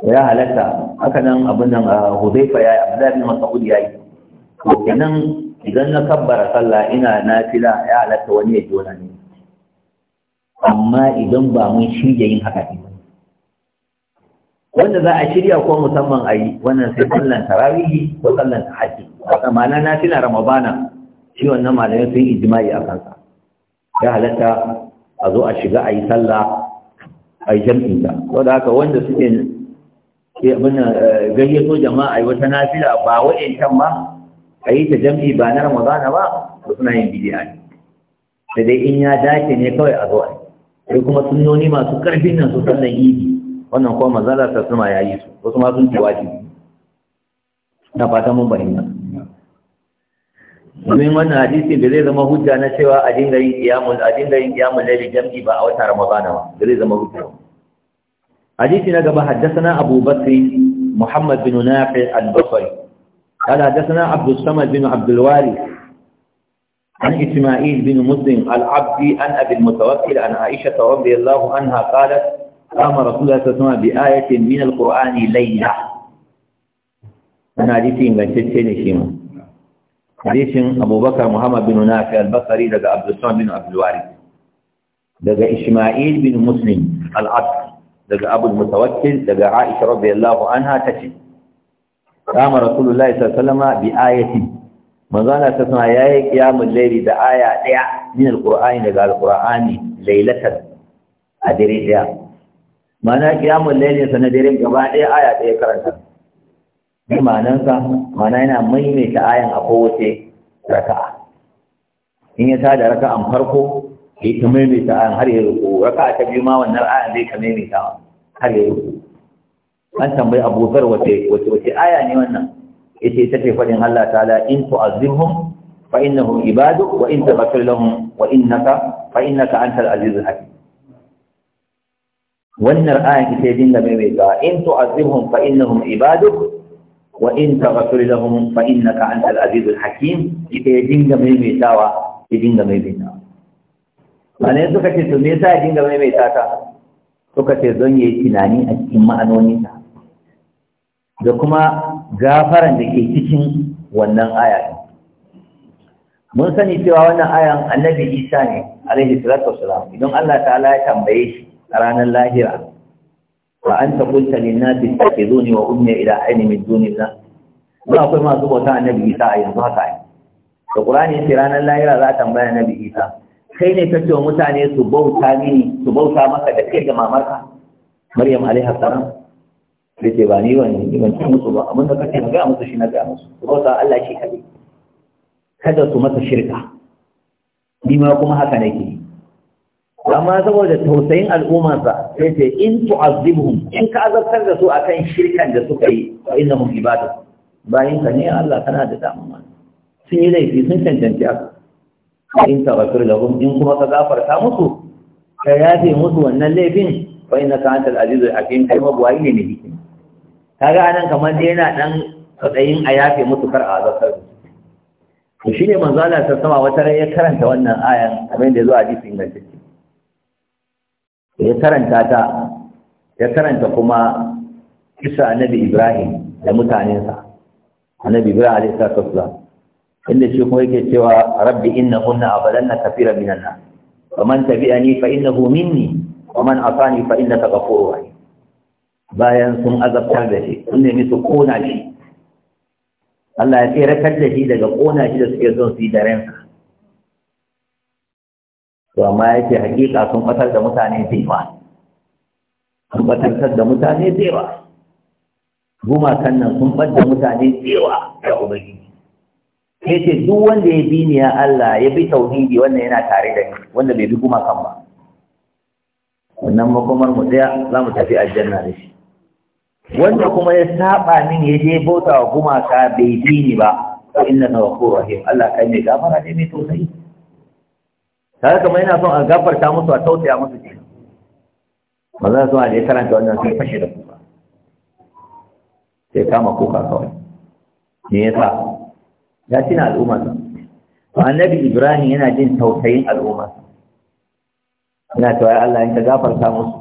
ya halatta haka nan abin nan a ah, Hudayfa ya yi Abdullahi bin Mas'ud ya yi to kenan idan na kabbara sallah ina nafila ya halatta wani ya jona ne amma idan ba mun shirya yin haka ne wanda za a shirya ko musamman a yi wannan sai sallan tarawihi ko sallan tahajji haka mana na tuna ramadana shi wannan malamin sun ijma'i a kansa ya halatta a zo a shiga a yi sallah a yi jam'in ta saboda haka wanda suke eh, gayyato jama'a yi wata nafila ba wa'yancan ba a yi ta jam'i ba na ramadana ba da suna yin bidiya ne da dai in ya dace ne kawai a zo a yi. sai kuma sunnoni masu ƙarfin nan su sannan idi wannan kuma manzala ta suma ya yi su wasu ma sun ce wajibi na fata mun bayyana domin wannan hadisi da zai zama hujja na cewa a dinga yin qiyamul a dinga yin qiyamul layli jam'i ba a wata ramadana ba da zai zama hujja hadisi na gaba haddathana Abu Bakr Muhammad bin Nafi al-Basri قال حدثنا عبد الصمد بن عبد الوارث عن إسماعيل بن مسلم العبدي عن أبي المتوكل عن عائشة رضي الله عنها قالت قام رسول الله صلى الله عليه وسلم بآية من القرآن ليلة أنا حديثي إن كنت شيما حديث أبو بكر محمد بن نافع البصري لدى عبد الصمد بن عبد الوارث لدى إسماعيل بن مسلم العبد لدى أبو المتوكل لدى عائشة رضي الله عنها تشي قام رسول الله صلى الله عليه وسلم بآية manzo Allah ta sana yayi qiyamul layli da aya daya min alqur'ani daga alqur'ani laylatan a dare daya mana qiyamul layli sana dare gaba daya aya daya karanta ma'anan sa mana yana maimaita ayan a kowace raka'a in ya tada raka'an farko ya ta maimaita ayan har ya ruku raka'a ta biyu ma wannan ayan zai ta maimaita har ya ruku an tambayi abubuwar wace wace aya ne wannan yace ita ce faɗin Allah Ta ta'ala in tu'azzibhum fa innahum ibadu wa in taghfir lahum wa innaka fa innaka antal azizul hakim wannan ayan ita dinga mai ga in tu'azzibhum fa innahum ibadu wa in taghfir lahum fa innaka antal azizul hakim ita dinga mai tawa ita dinga mai tawa sanai suka ce su me yasa ya dinga mai tata suka ce don yayi tunani a cikin ma'anoninta da kuma gafaran da ke cikin wannan aya mun sani cewa wannan ayan annabi isa ne alaihi salatu wasalam idan Allah ta'ala ya tambaye shi a ranar lahira wa anta na lin nasi ittakhizuni wa ummi ila aini min dunillah ba akwai masu bauta annabi isa a yanzu haka ne da qur'ani ce ranar lahira za a tambaya annabi isa kai ne kace mutane su bauta mini su bauta maka da kai da mamarka maryam alaihi salam ce ba ni wani ni ban ci musu ba abin da kake na ga musu shi na gaya musu ko sa Allah shi kaɗai kada su masa shirka ni ma kuma haka nake amma saboda tausayin al'umma sa sai ce in tu'azibhum in ka azabtar da su akan shirkan da suka yi fa innahum ibadu bayin ka ne Allah kana da dama sun yi laifi sun cancanci haka in taghfir lahum in kuma ka gafarta musu ka yafe musu wannan laifin fa innaka antal azizul hakim kai mabuwayi ne ne hikima kaga anan kamar dai yana dan tsayin a yafe mutu kar a azabtar to shine manzo Allah ta sama wata rai ya karanta wannan ayan kamar da zo a hadisin ingantacce ya karanta ta ya karanta kuma kisa annabi Ibrahim da mutanensa annabi Ibrahim alayhi salatu wassalam inda shi kuma yake cewa rabbi innahunna abadanna kafira minan wa man tabi'ani fa innahu minni wa man asani fa innaka ghafurur rahim bayan sun azabtar da shi sun nemi su kona shi Allah ya tsirakar da shi daga kona shi da suke son su yi da ransa to amma ya ce hakika sun batar da mutane da sun batar da mutane da yawa gumakan nan sun ɓadda mutane da yawa da ubangiji ya ce duk wanda ya bi ni ya Allah ya bi tauhidi wannan yana tare da ni wanda bai bi kuma kan ba wannan makomar mu daya za mu tafi aljanna da shi wanda kuma ya saba min ya je bauta wa gumaka bai bi ni ba Ko inna na ghafurur rahim Allah kai mai gafara ne mai tausayi sai kuma yana son a gafarta musu a tausaya musu ke manzon zuwa da ya karanta wannan sai fashe da kuka sai kama kuka kawai me yasa ya tina al'umma to annabi Ibrahim yana jin tausayin al'umma ina tawaya Allah in ka gafarta musu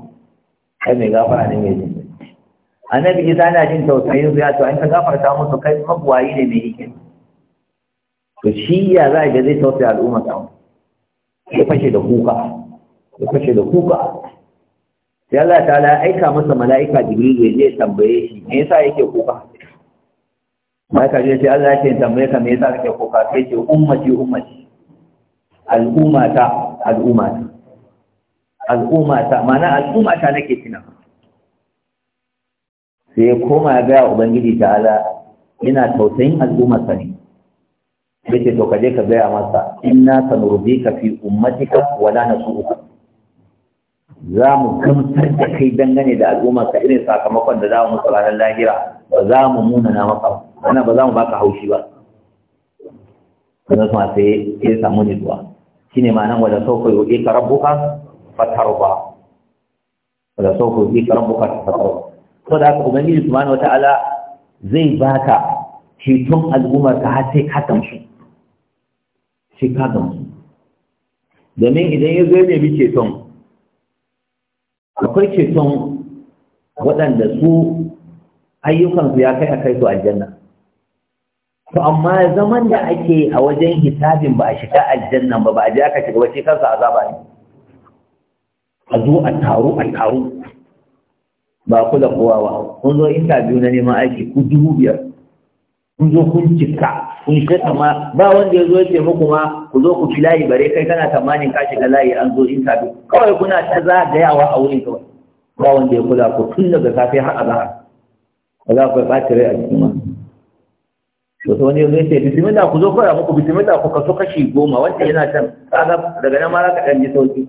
kai mai gafara ne mai jin annabi isa na jin tausayin zuya to an ka gafarta musu kai magwayi ne mai hikima to shi ya za ga zai tausaya al'umma ta ya fashe da kuka ya fashe da kuka sai Allah ta la aika masa mala'ika jibril ya je ya tambaye shi me yasa yake kuka mala'ika je sai Allah ya ce tambaye ka me yasa kake kuka sai ce ummati ummati al'ummata al'ummata al'ummata mana al'ummata nake tunawa sai ya koma ya gaya ubangiji ala yana tausayin al'ummarsa ne ce to kaje ka gaya masa inna sanurdika fi ummatika wala nasu'uka za mu gamsar da kai dangane da al'umma ka irin sakamakon da za mu musu ranar lahira ba za mu munana maka ana ba za mu baka haushi ba sannan sai ya samu nutsuwa shine ma'anar wala sauka yu'ika rabbuka fatarba wala sauka yu'ika fatar ba to da haka ubangiji subhanahu wataala zai baka ceton al'ummar ka har sai ka gamsu sai ka gamsu domin idan ya zo ya nemi ceton akwai ceton waɗanda su ayyukansu ya kai a kai su aljanna to amma zaman da ake a wajen hisabin ba a shiga aljanna ba ba a je aka shiga wace kansa azaba ne a zo a taru a taru ba ku da kowa ba kun zo interview na neman aiki ku dubu biyar kun zo kun cika kun shi ma ba wanda ya zo ya ce muku ma ku zo ku fi layi bare kai kana tamanin ka shiga layi an zo interview kawai kuna ta zagayawa a wurin kawai ba wanda ya kula ku tun daga safe har a zahar ba za ku yi ɓaci rai a cikin wani to ta wani ya ce bisimila ku zo kawai muku bisimila ku kaso kashi goma wanda yana can tsada daga nan ma za ka ɗan ji sauki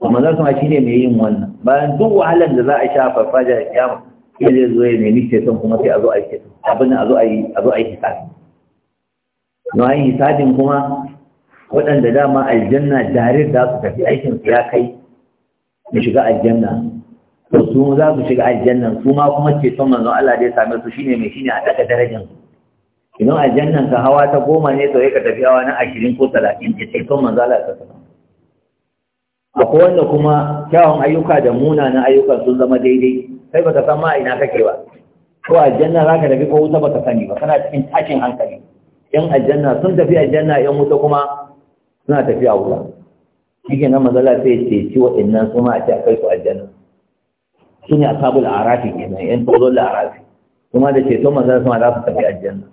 kuma za su ma shi ne mai yin wannan bayan duk wahalar da za a sha farfajiya da kiyama sai zai zo ya nemi ceton kuma sai a zo a yi ceton abin a zo a yi a zo a yi hisabi na yin hisabin kuma waɗanda dama aljanna jarir za su tafi aikin su ya kai mu shiga aljanna to su za su shiga aljanna su ma kuma ceton manzon Allah da ya same su shine mai shine a daga darajar su idan aljannan ka hawa ta goma ne to ka tafi hawa na ashirin ko talatin ce ceton manzon Allah ta akwai wanda kuma kyawun ayyuka da munanan ayyukan sun zama daidai sai baka san ma ina kake ba ko aljanna za ka tafi ko wuta baka sani ba kana cikin tashin hankali yan aljanna sun tafi aljanna yan wuta kuma suna tafiya wuta ke nan mazala sai ce ci waɗannan su ma a ce a kai su aljanna su ne la'arafi arafi nan, yan tozo la'arafi arafi kuma da ceto mazala ma za su tafi aljanna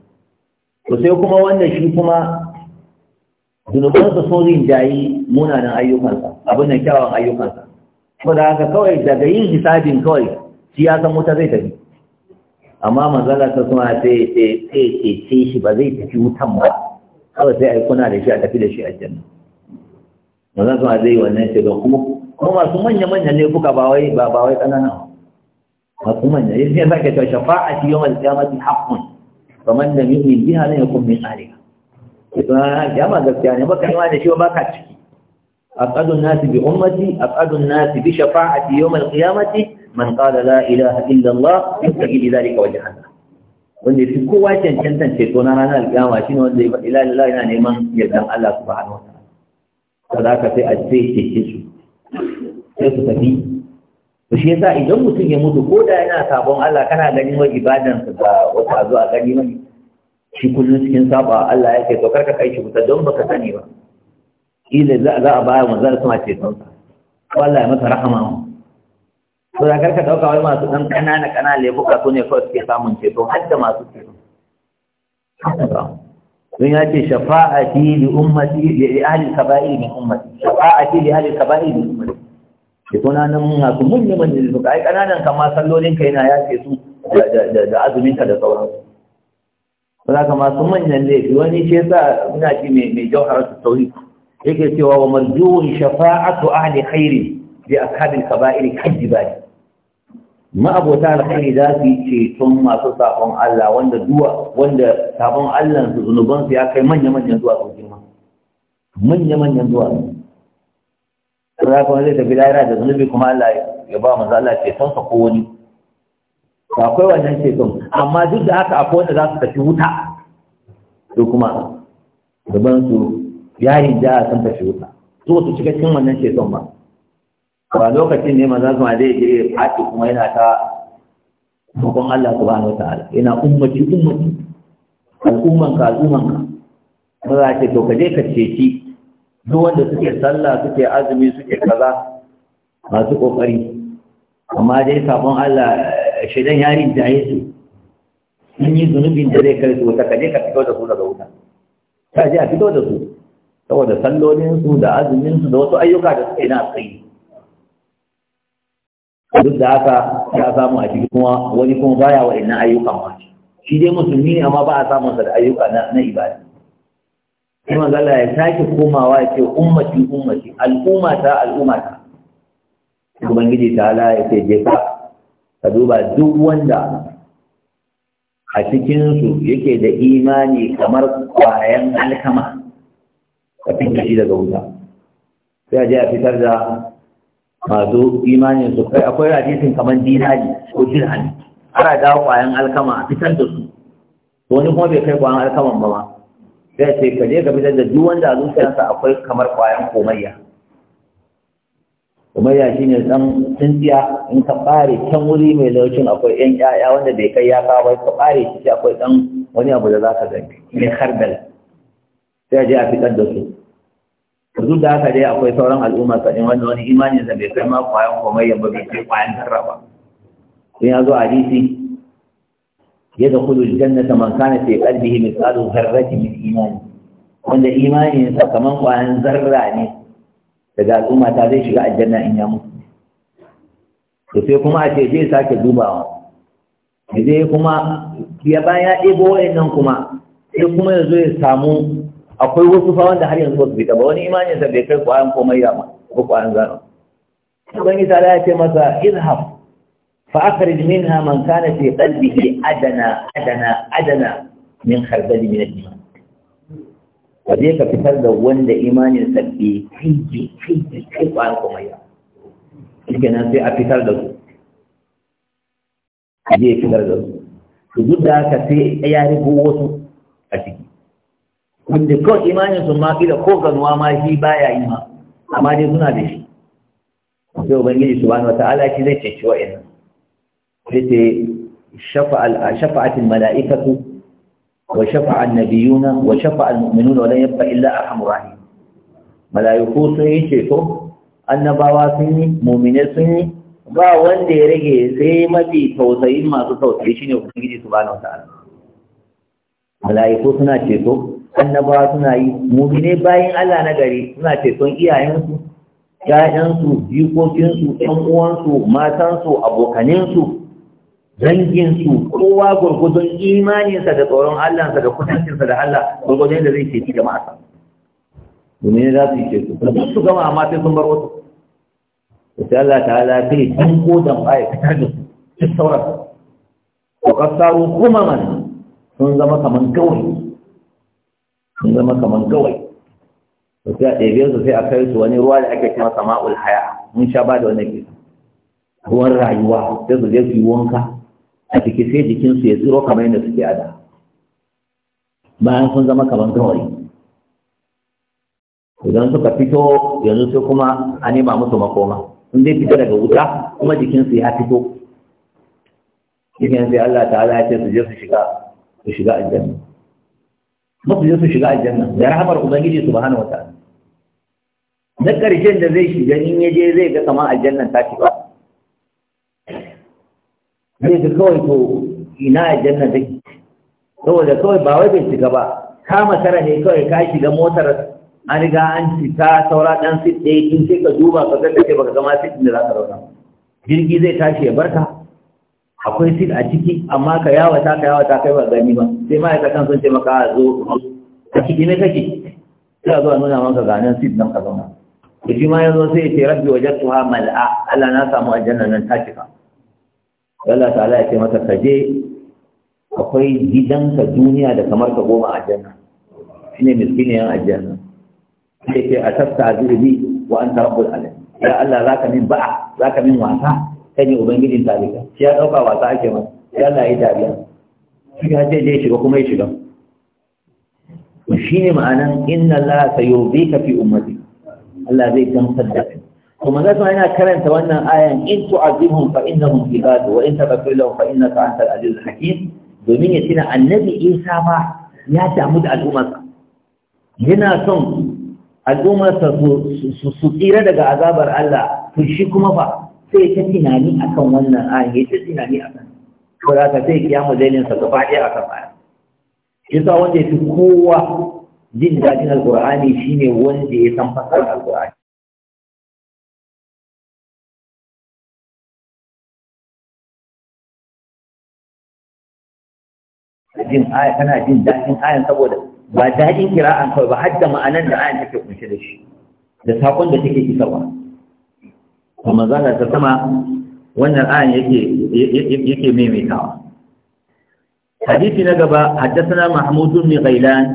to sai kuma wanda shi kuma zunubansa sun jayi munanan ayyukansa abin da kyawun ayyukansa ko da haka kawai daga yin hisabin kawai shi ya san wuta zai tafi amma manzala ta suna sai yi ce shi ba zai tafi wutan ba kawai sai ai kuna da shi a tafi da shi a janna manzala suna zai yi wannan shiga kuma kuma masu manya-manya ne kuka ba wai ba wai ƙanana masu manya yin sai zaka ta shafa'a shi yawan kiyamati haqqun faman lam yu'min ne ya yakun min ka. ba ya gaskiya ne baka yawa da shi ba ka ciki aqadun nas bi ummati aqadun nas bi shafa'ati yawm al-qiyamati man qala la ilaha illa Allah yastaji bi dhalika wajhan wanda fi kowa cancantan ceto na ranar alƙiyama shine wanda ya faɗi la ilaha yana neman yardan Allah subhanahu wa ta'ala ka sai a ce cece su sai su tafi to shi yasa idan mutum ya mutu ko da yana sabon Allah kana ganin wa ibadansa ba wata zo a gani mani shi kullum cikin saba Allah yake to karka kai shi wuta don baka sani ba ila za a baya manzon sama ce sauka Allah ya masa rahama mu to da karka dauka wai masu dan kanana kanana lebuka to ne kawai suke samun ce to hadda masu to don ya ce shafa'ati li ummati li ahli kaba'ir min ummati shafa'ati li ahli kaba'ir min ummati ke kuna nan masu munyi manzil suka ai kananan kama sallolin kai na yace su da azumin ka da sauransu za masu manyan laifi wani ce sa muna ci mai jauhar su tauri yake cewa wa marjuhun shafa'atu ahli khairi bi ashabil kaba'ir kajibani ma abota alkhairi za su yi ceton masu sabon Allah wanda duwa wanda sabon Allah su zunuban su ya kai manya manyan zuwa su girma manya manyan zuwa su za wani zai tafi lahira da zunubi kuma Allah ya ba manzo Allah ceton sa ko wani ba akwai wannan ceton amma duk da haka akwai wanda za su tafi wuta to kuma gaban su ya yi da san tafi wuta su su shiga cikin wannan ceton ba ba lokacin ne maza su ma zai je faɗi kuma yana ta bakon Allah subhanahu wataala yana ummati ummati al'umman ka al'umman ka ba za ce to ka je ka ceci duk wanda suke sallah suke azumi suke kaza masu kokari amma dai sabon Allah shaidan ya rinjaye su in yi zunubin da zai kai su wata kaje ka fito da su daga wuta Ta je a fito da su saboda sallolinsu da azuminsu da wasu ayyuka da suka yi na kai duk da haka ya samu a ciki kuma wani kuma baya wa ina ayyuka ma shi dai musulmi ne amma ba a samun sa da ayyuka na ibada sai manzala ya sake komawa ya ce ummati ummati al'umma ta al'umma ta ubangiji ta ala ya ce jefa ka duba duk wanda a cikinsu yake da imani kamar kwayan alkama ka fi shi daga wuta sai a je a fitar da masu imanin su kai akwai hadisin kamar dinari ko dirhami ana dawo kwayan alkama a fitar da su to wani kuma bai kai kwayan alkaman ba ma sai ce ka je ka fitar da duk wanda a zuciyarsa akwai kamar kwayan komayya umayya shine dan tsintsiya in ka bare can wuri mai laucin akwai yan yaya wanda bai kai ya kawo ka bare shi sai akwai dan wani abu da za ka gani ne harbal sai je a fitar da su yanzu da haka dai akwai sauran al'umma kadin wanda wani imanin da bai kai ma kwayan komai ba bai kai kwayan tarra ba in ya zo disi ya da kudu jannata man kana fi qalbihi mithqalu dharrati min imani wanda imanin sa kaman kwayan zarra ne daga al'umma ta zai shiga aljanna in ya mutu to sai kuma a ce zai sake dubawa zai kuma ya bayan ya ɗebo wa'annan kuma sai kuma ya zo ya samu akwai wasu fa wanda har yanzu ba su fita ba wani imanin sa bai kai kwayan komai ya ma ko kwayan zano ubangiji ta ya ce masa izhab minha man kana fi qalbihi adana-adana-adana min kharbali min al-iman a je ka fitar da wanda imanin sabbi kai ke kai ke kai kwan kuma ya shi nan sai a fitar da su a je fitar da su su duk da haka sai ya rigo wasu a ciki wanda kawai imanin su ma kila ko ganuwa ma shi baya yi ma amma dai suna da shi sai ubangiji subhanahu wataala shi zai cece wa'in sai ce shafa'atul mala'ikatu وشفع النبيون وشفع المؤمنون ولا يبقى إلا أرحم الراحمين mala'iku sun yi ceto annabawa sun yi mumine sun yi ba wanda ya rage sai mafi tausayin masu tausayi shine ubangiji subhanahu wata'ala mala'iku suna ceto annabawa suna yi mumine bayan Allah na gari suna ceton iyayensu 'ya'yansu, jikokinsu 'yan uwansu matansu abokaninsu danginsu kowa gurgudun imaninsa da tsoron Allahnsa da kusancinsa da Allah gurgudun da zai ceci jama'arsa domin za su yi su kuma su gama amma sai sun bar wasu sai Allah ta'ala sai dan godan baya fitar da su duk sauran wa kuma man sun zama kaman kawai sun zama kaman kawai to sai a ɗebe su sai a kai su wani ruwa da ake kira sama'ul haya mun sha ba da wani kisa ruwan rayuwa sai su je su yi wanka a ciki sai jikinsu ya tsiro kamar yadda suke ada bayan sun zama kamar gawayi idan suka fito yanzu sai kuma a nema musu makoma sun zai fita daga wuta kuma jikinsu ya fito jikin Allah ta'ala ya ce su je su shiga su shiga aljanna ba su je su shiga aljanna da rahamar ubangiji subhanahu wataala na ƙarshen da zai shiga in ya je zai ga kamar aljannan ta ci ba ne ga kawai to ina janna take saboda kawai ba wai bai shiga ba kama tara ne kawai ka shiga motar an riga an cika saura dan sit ɗaya tun sai ka duba ka ga take baka gama sit da za ka rauna jirgi zai tashi ya barka akwai sit a ciki amma ka yawata ka yawata kai ba gani ba sai ma'aikatan sun ce maka zo a ciki ne kake sai a nuna maka ganin sit nan ka zauna da shi ma yanzu sai ya ce rabbi wajattuha mal'a Allah na samu aljanna nan ta cika Allah ta'ala ya ce mata ka je akwai gidanka duniya da kamar ka goma a janna shine miskiniyan aljanna sai ce a tafta zirbi wa anta rabbul alamin ya Allah zaka min ba'a zaka min wasa kai ne ubangijin talika shi ya dauka wasa ake masa sai Allah ya dariya shi ya ce je shiga kuma ya shiga shine ma'anan inna Allah sayubika fi ummati Allah zai gamsar da kai kuma zai yana karanta wannan ayan in tu'azibhum fa innahum fi ghadu wa in taghfir lahum fa innaka antal azizul hakim domin ya tuna annabi Isa ma ya damu da al'ummarsa yana son al'ummarsa su tsira daga azabar Allah to shi kuma fa sai ta tunani akan wannan ayan ya ta tunani akan ko za ka sai kiyamu zainin sa gaba ɗaya akan ayan yasa wanda ya fi kowa jin al alƙur'ani shine wanda ya san fasar alƙur'ani jin aya kana jin daɗin ayan saboda ba daɗin kira'an kawai ba har da ma'anar da ayan take kunshe da shi da saƙon da take isarwa to manzala ta sama wannan ayan yake yake maimaitawa hadisi na gaba haddathana mahmud bin ghailan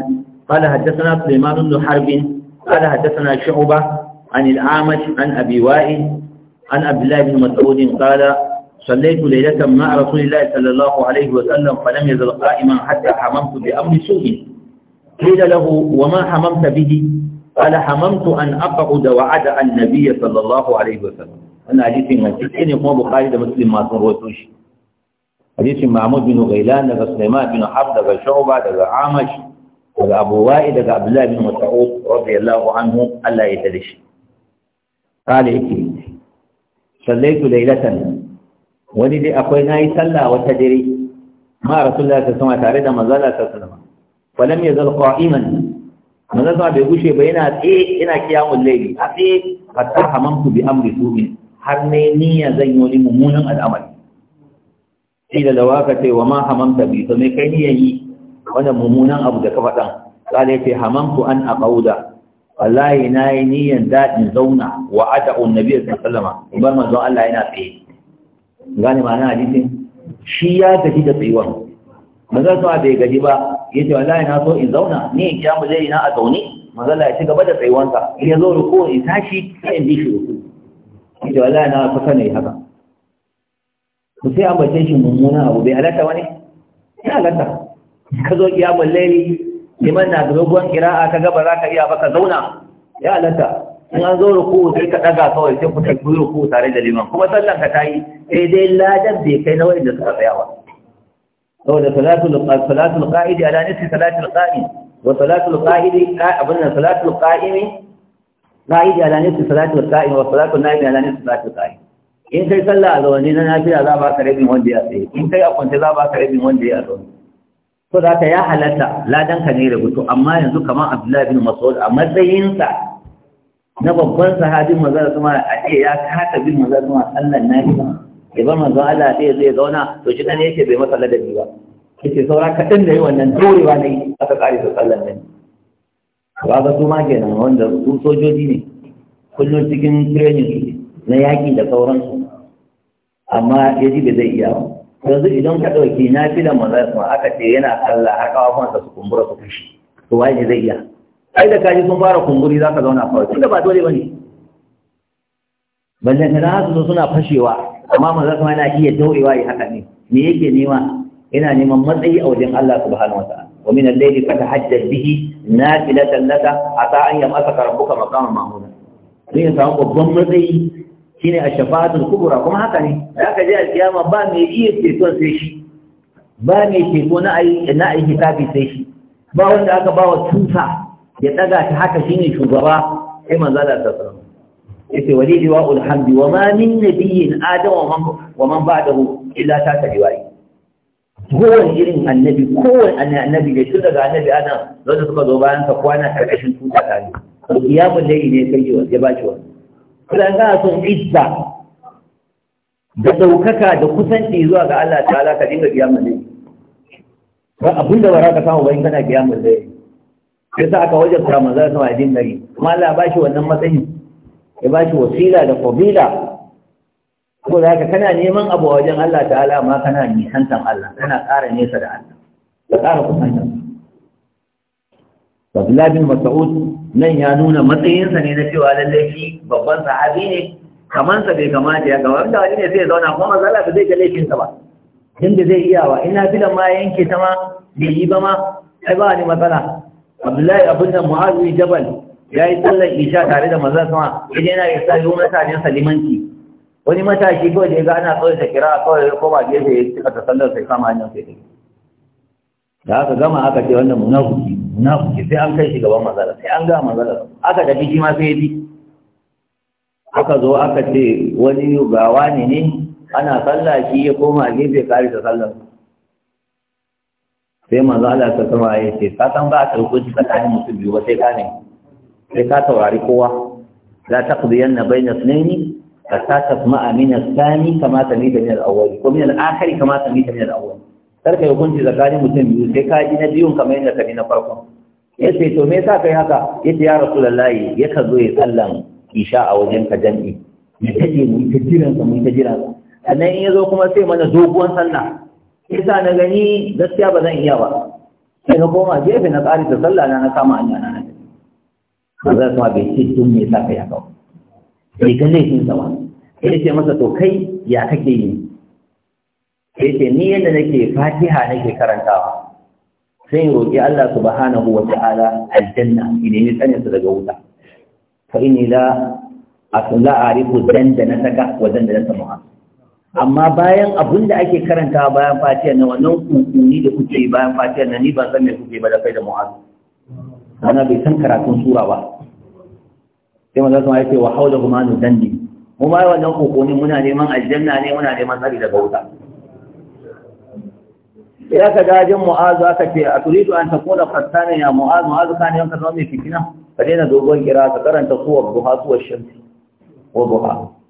قال حدثنا سليمان بن حرب قال حدثنا an عن الأعمش عن أبي وائل عن عبد الله بن مسعود قال صليت ليلة مع رسول الله صلى الله عليه وسلم فلم يزل قائما حتى حممت بأمر سوء قيل له وما حممت به قال حممت أن أقعد وعد النبي صلى الله عليه وسلم أنا حديث من سكين يقوم بخاري مسلم ما تنرسوش حديث معمود بن غيلان لغا سليمان بن حرب لغا شعبة لغا عامش لغا أبو وائد لغا عبد الله بن مسعود رضي الله عنه ألا يتدش قال إكي صليت ليلة wani dai akwai na yi sallah wata dare ma rasulullah ta sama tare da mazala ta sallama falam ya zal qa'iman manzon sama bai gushe ba yana tsaye yana kiyamun laili a tsaye hatta ku bi amri su'in har ne niyya zan yi wani mummunan al'amari shi da waka ce wa ma hamamta bi to me kai niyya yi wannan mummunan abu da ka faɗa kala haman ku an ƙauda wallahi na yi niyyan daɗin zauna wa ada'u nabiyyi sallama alaihi wasallam bar Allah yana tsaye gane ma'ana hadisin shi ya tafi da tsayuwar manzon sama bai gaji ba ya ce wallahi na so in zauna ni in kiyamu zai na a zaune manzon ya ci gaba da tsayuwansa in ya zo ruku in tashi sai in bi shi ruku ya ce wallahi na kusa ne haka ku sai an bace shi mummuna abu bai halatta wani ya halatta ka zo kiyamun lalle liman na dogon kira'a ka gaba za ka iya ba ka zauna ya halatta in an zo ruku sai ka daga kawai sai ku tafi ruku tare da liman kuma sallan ka tayi sai dai ladan bai kai na wanda suka tsaya ba saboda salatu salatu qa'idi ala nisfi salatul qa'imi wa Salatu qa'idi abin salatu salatul qa'imi qa'idi ala nisfi salatul qa'imi wa salatul naimi ala nisfi salatul qa'imi in kai sallah a zaune na nafila za ba ka rabin wanda ya tsaye in kai a kwance za ba ka rabin wanda ya zaune ko za ta ya halatta ladan ka ne rubutu amma yanzu kamar abdullahi bin mas'ud a matsayinsa na babban sahabin manzon sama a ce ya kata bin manzon sama sallan ba ya ba manzon Allah sai zai zauna to shi ne yake bai masa ladabi ba yake saura kaɗan da yi wannan dorewa ne aka ƙari su sallan nan ba ga su ma kenan wanda su sojoji ne kullum cikin training na yaƙi da sauransu amma ya ji bai zai iya ba yanzu idan ka ɗauki na fi da manzansu aka ce yana sallah har kawafansa su kumbura su kashi to waye zai iya ai da kaji sun fara kumburi za ka zauna kawai tunda ba dole bane balle kana su suna fashewa amma manzo kuma yana iya daurewa yi haka ne me yake nema Ina neman matsayi a wajen Allah subhanahu wa ta'ala wa min al-layli ya bihi nafilatan laka ata an yamasaka rabbuka maqama mahmuda zai samu babban matsayi shine a shafaatul kubra kuma haka ne ka je al-kiyama ba mai iya ceton sai shi ba mai ceto na ai na ai hisabi sai shi ba wanda aka ba wa ya daga ta haka shine shugaba sai manzo Allah sallallahu alaihi wasallam yace wali liwa'ul hamdi wa ma min nabiyyin adam wa man wa man ba'dahu illa ta ta liwa'i kowane irin annabi kowane annabi da tun daga annabi adam zai suka zo bayan ka kwana karkashin tuta tare to kiyamun laili ne kai yi ya baci wa kudan ga sun izza da daukaka da kusanci zuwa ga Allah ta'ala ka dinga kiyamun laili ba abinda ba za ka samu bayan kana kiyamun laili ya sa aka wajen manzo sama ya dinga yi kuma Allah ba shi wannan matsayin ya ba shi wasila da fadila ko da haka kana neman abu a wajen Allah ta'ala ma kana nisantan Allah kana ƙara nesa da Allah ka ƙara kusantan Abdullah bin Mas'ud nan ya nuna matsayinsa ne na cewa lallai shi babban sahabi ne kamansa bai kamata ya gaba da wani ne zai zauna kuma mazala ba zai ga laifinsa ba inda zai iya wa ina filan ma yanke ta ma bai yi ba ma ai ba ni matsala abdullahi abin da mu'azu jabal ya yi tsallar isha tare da mazan sama idan yana yi tsari wani mutanen salimanci wani matashi kawai da ya ga ana kawai ta kira kawai ya koma gefe ya cika ta sallar sai kama hanyar sai ta da aka gama aka ce wannan munafiki munafiki sai an kai shi gaban mazala sai an ga mazala. aka tafi shi ma sai ya bi aka zo aka ce wani gawa ne ne ana sallah shi ya koma gefe kare ta sallar sai manzo Allah ta sama ya ce ka san ba ka hukunci tsakanin mutum biyu ba sai ka ne sai ka taurari kowa la taqdiyanna bayna ithnaini hatta ta min amina thani kama ni da al-awwal ko min al-akhir kama ni da al-awwal kar ka hukunci tsakanin mutum biyu sai ka ji na biyun kamar yadda ka ni na farkon yace to me yasa kai haka yace ya rasulullahi yaka zo ya sallan isha a wajen ka jami'i ne ta je mu ta jira mu ta jira sa sannan in ya zo kuma sai mana doguwan sallah Isa na gani gaskiya ba zan iya ba sai na koma gefe na tsari da sallah na na kama hanya na nan zai kuma bai ce tun me sa kai haka bai ga laifin sa ba sai ce masa to kai ya kake yi sai ce ni yadda nake fatiha nake karantawa sai roƙi Allah subhanahu wa ta'ala aljanna idan ne tsane su daga wuta fa inni la asla a'rifu dandana saka wa dandana samuha. amma bayan abun da ake karanta bayan fatiyar na wannan kukuni da kuke bayan fatiyar na ni ban san mai kuke ba da kai da mu'azu ana bai san karatun sura ba sai mazan sun haife wa da kuma nu dandi mu ma wannan kukuni muna neman aljanna ne muna neman tsari daga wuta ya ka gajin mu'azu aka ce a turidu an da fattana ya mu'azu mu'azu ne yanka zama mai fitina ka daina dogon kira ka karanta suwa duha suwar shamsi ko duha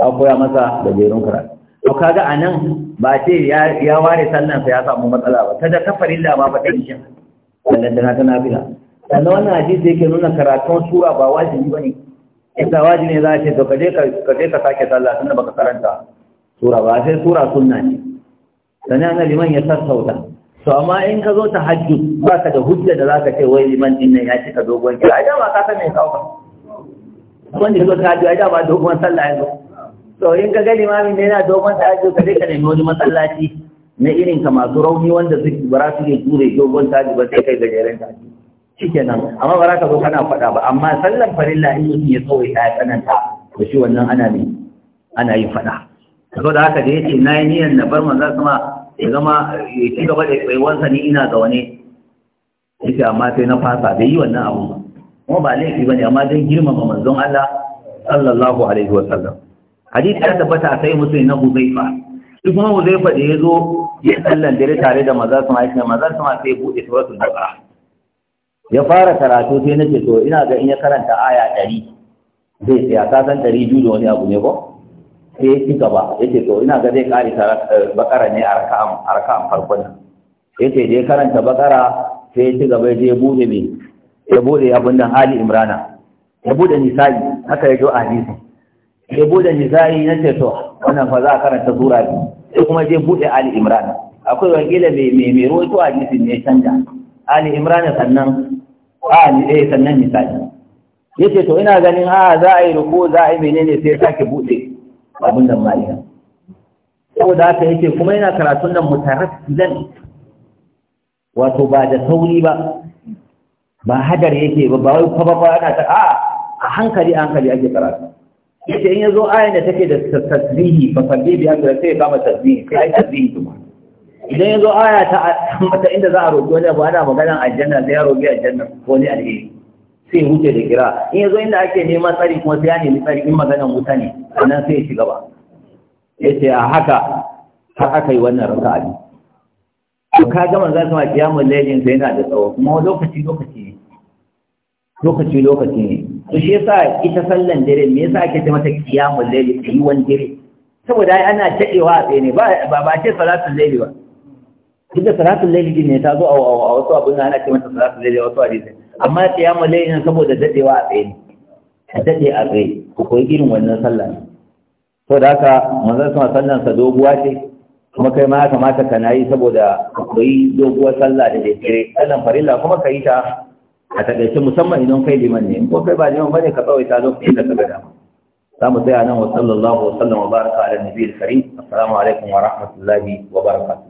a koya masa da jerin karatu to kaga anan ba ce ya ware sallan sa ya samu matsala ba ta da kafarin da ma ba ta ishin sallan da ta nafila sannan wannan hadisi yake nuna karatun sura ba wajibi ne inda wajibi ne za a ce to ka je ka sake sallah tunda baka karanta sura ba sai sura sunna ne sannan annabi liman ya sassauta to amma in ka zo ta hajji ba ka da hujja da za ka ce wai liman din nan ya ka dogon kira ai ba ka san me kawo wanda ya zo ta hajji ai dama dogon sallah ya zo to ka gani mamin da yana dogon tajo ka zai ka nemi wani matsalaci na irin ka masu rauni wanda suke bara su iya jure dogon tajo ba sai kai gajeren tajo shikenan amma bara ka zo kana faɗa ba amma sallan farilla in mutum ya tsawaita ya tsananta ba shi wannan ana ne ana yin faɗa kaso da haka da yace na yi niyyar na bar manzan sama ya zama ya ci gaba da tsayuwarsa ni ina ga wani yake amma sai na fasa bai yi wannan abu ba kuma ba laifi ba ne amma don girmama manzon Allah sallallahu alaihi wa sallam hadisi ya tabbata a sai musulmi na huzaifa duk kuma huzaifa da ya zo ya sallan dare tare da maza su ma'aikata maza su ma sai buɗe suratul baqara ya fara karatu sai nace to ina ga in ya karanta aya ɗari zai tsaya ka san ɗari biyu da wani abu ne ko sai ya ci gaba ya ce to ina ga zai ƙari eh, bakara ne a raka'an farkon nan ya ce da ya karanta bakara sai ya ci gaba ya je ya buɗe ne ya buɗe abin nan hali imrana ya buɗe nisa'i haka ya jo a hadisin yabo da nisa'i na ceto wannan fa za a karanta sura biyu sai kuma je bude ali imran akwai wangila mai mai mai ruwaito a jisi ne canja ali imran sannan a ni eh sannan nisa'i yace to ina ganin a za a yi ruku za a yi menene sai sake bude abin da malika da haka yace kuma yana karatu nan mutarattilan wato ba da sauri ba ba hadar yake ba ba wai fa ba ana ta a hankali hankali ake karatu yake in yazo ayan da take da tasbihi fa sabbi bi hamdi sai kama tasbihi sai tasbihi kuma idan yazo aya ta mata inda za a roƙi wani abu ana maganar aljanna sai ya roƙi aljanna ko ne alheri sai wuce da kira in yazo inda ake neman tsari kuma sai ya nemi tsari in maganar wuta ne sannan sai ya ci gaba yace a haka har aka yi wannan raka'a ne to ka ga manzon ma kiyamul lailin sai yana da tsawo kuma lokaci lokaci ne lokaci lokaci ne to shi yasa ita sallan dare me yasa ake ce mata qiyamul layli wani dare saboda ai ana tadewa a tsaye ne ba ba ce salatul layli ba duk da salatul layli ne ta zo a wasu abun da ana ce mata salatul layli wasu hadisi amma qiyamul layli ne saboda dadewa a tsaye ne a dade a tsaye ko koyi irin wannan sallah da haka manzon sa sallan sa doguwa ce kuma kai ma ya kamata ka nayi saboda ka koyi doguwar sallah da dare sallan farilla kuma ka yi ta a taƙaice musamman idan kai liman ne ko kai ba liman bane ka tsawaita lokacin da ka ga dama za mu tsaya nan wa sallallahu wa sallam wa baraka ala nabiyil karim assalamu alaikum wa rahmatullahi wa barakatuh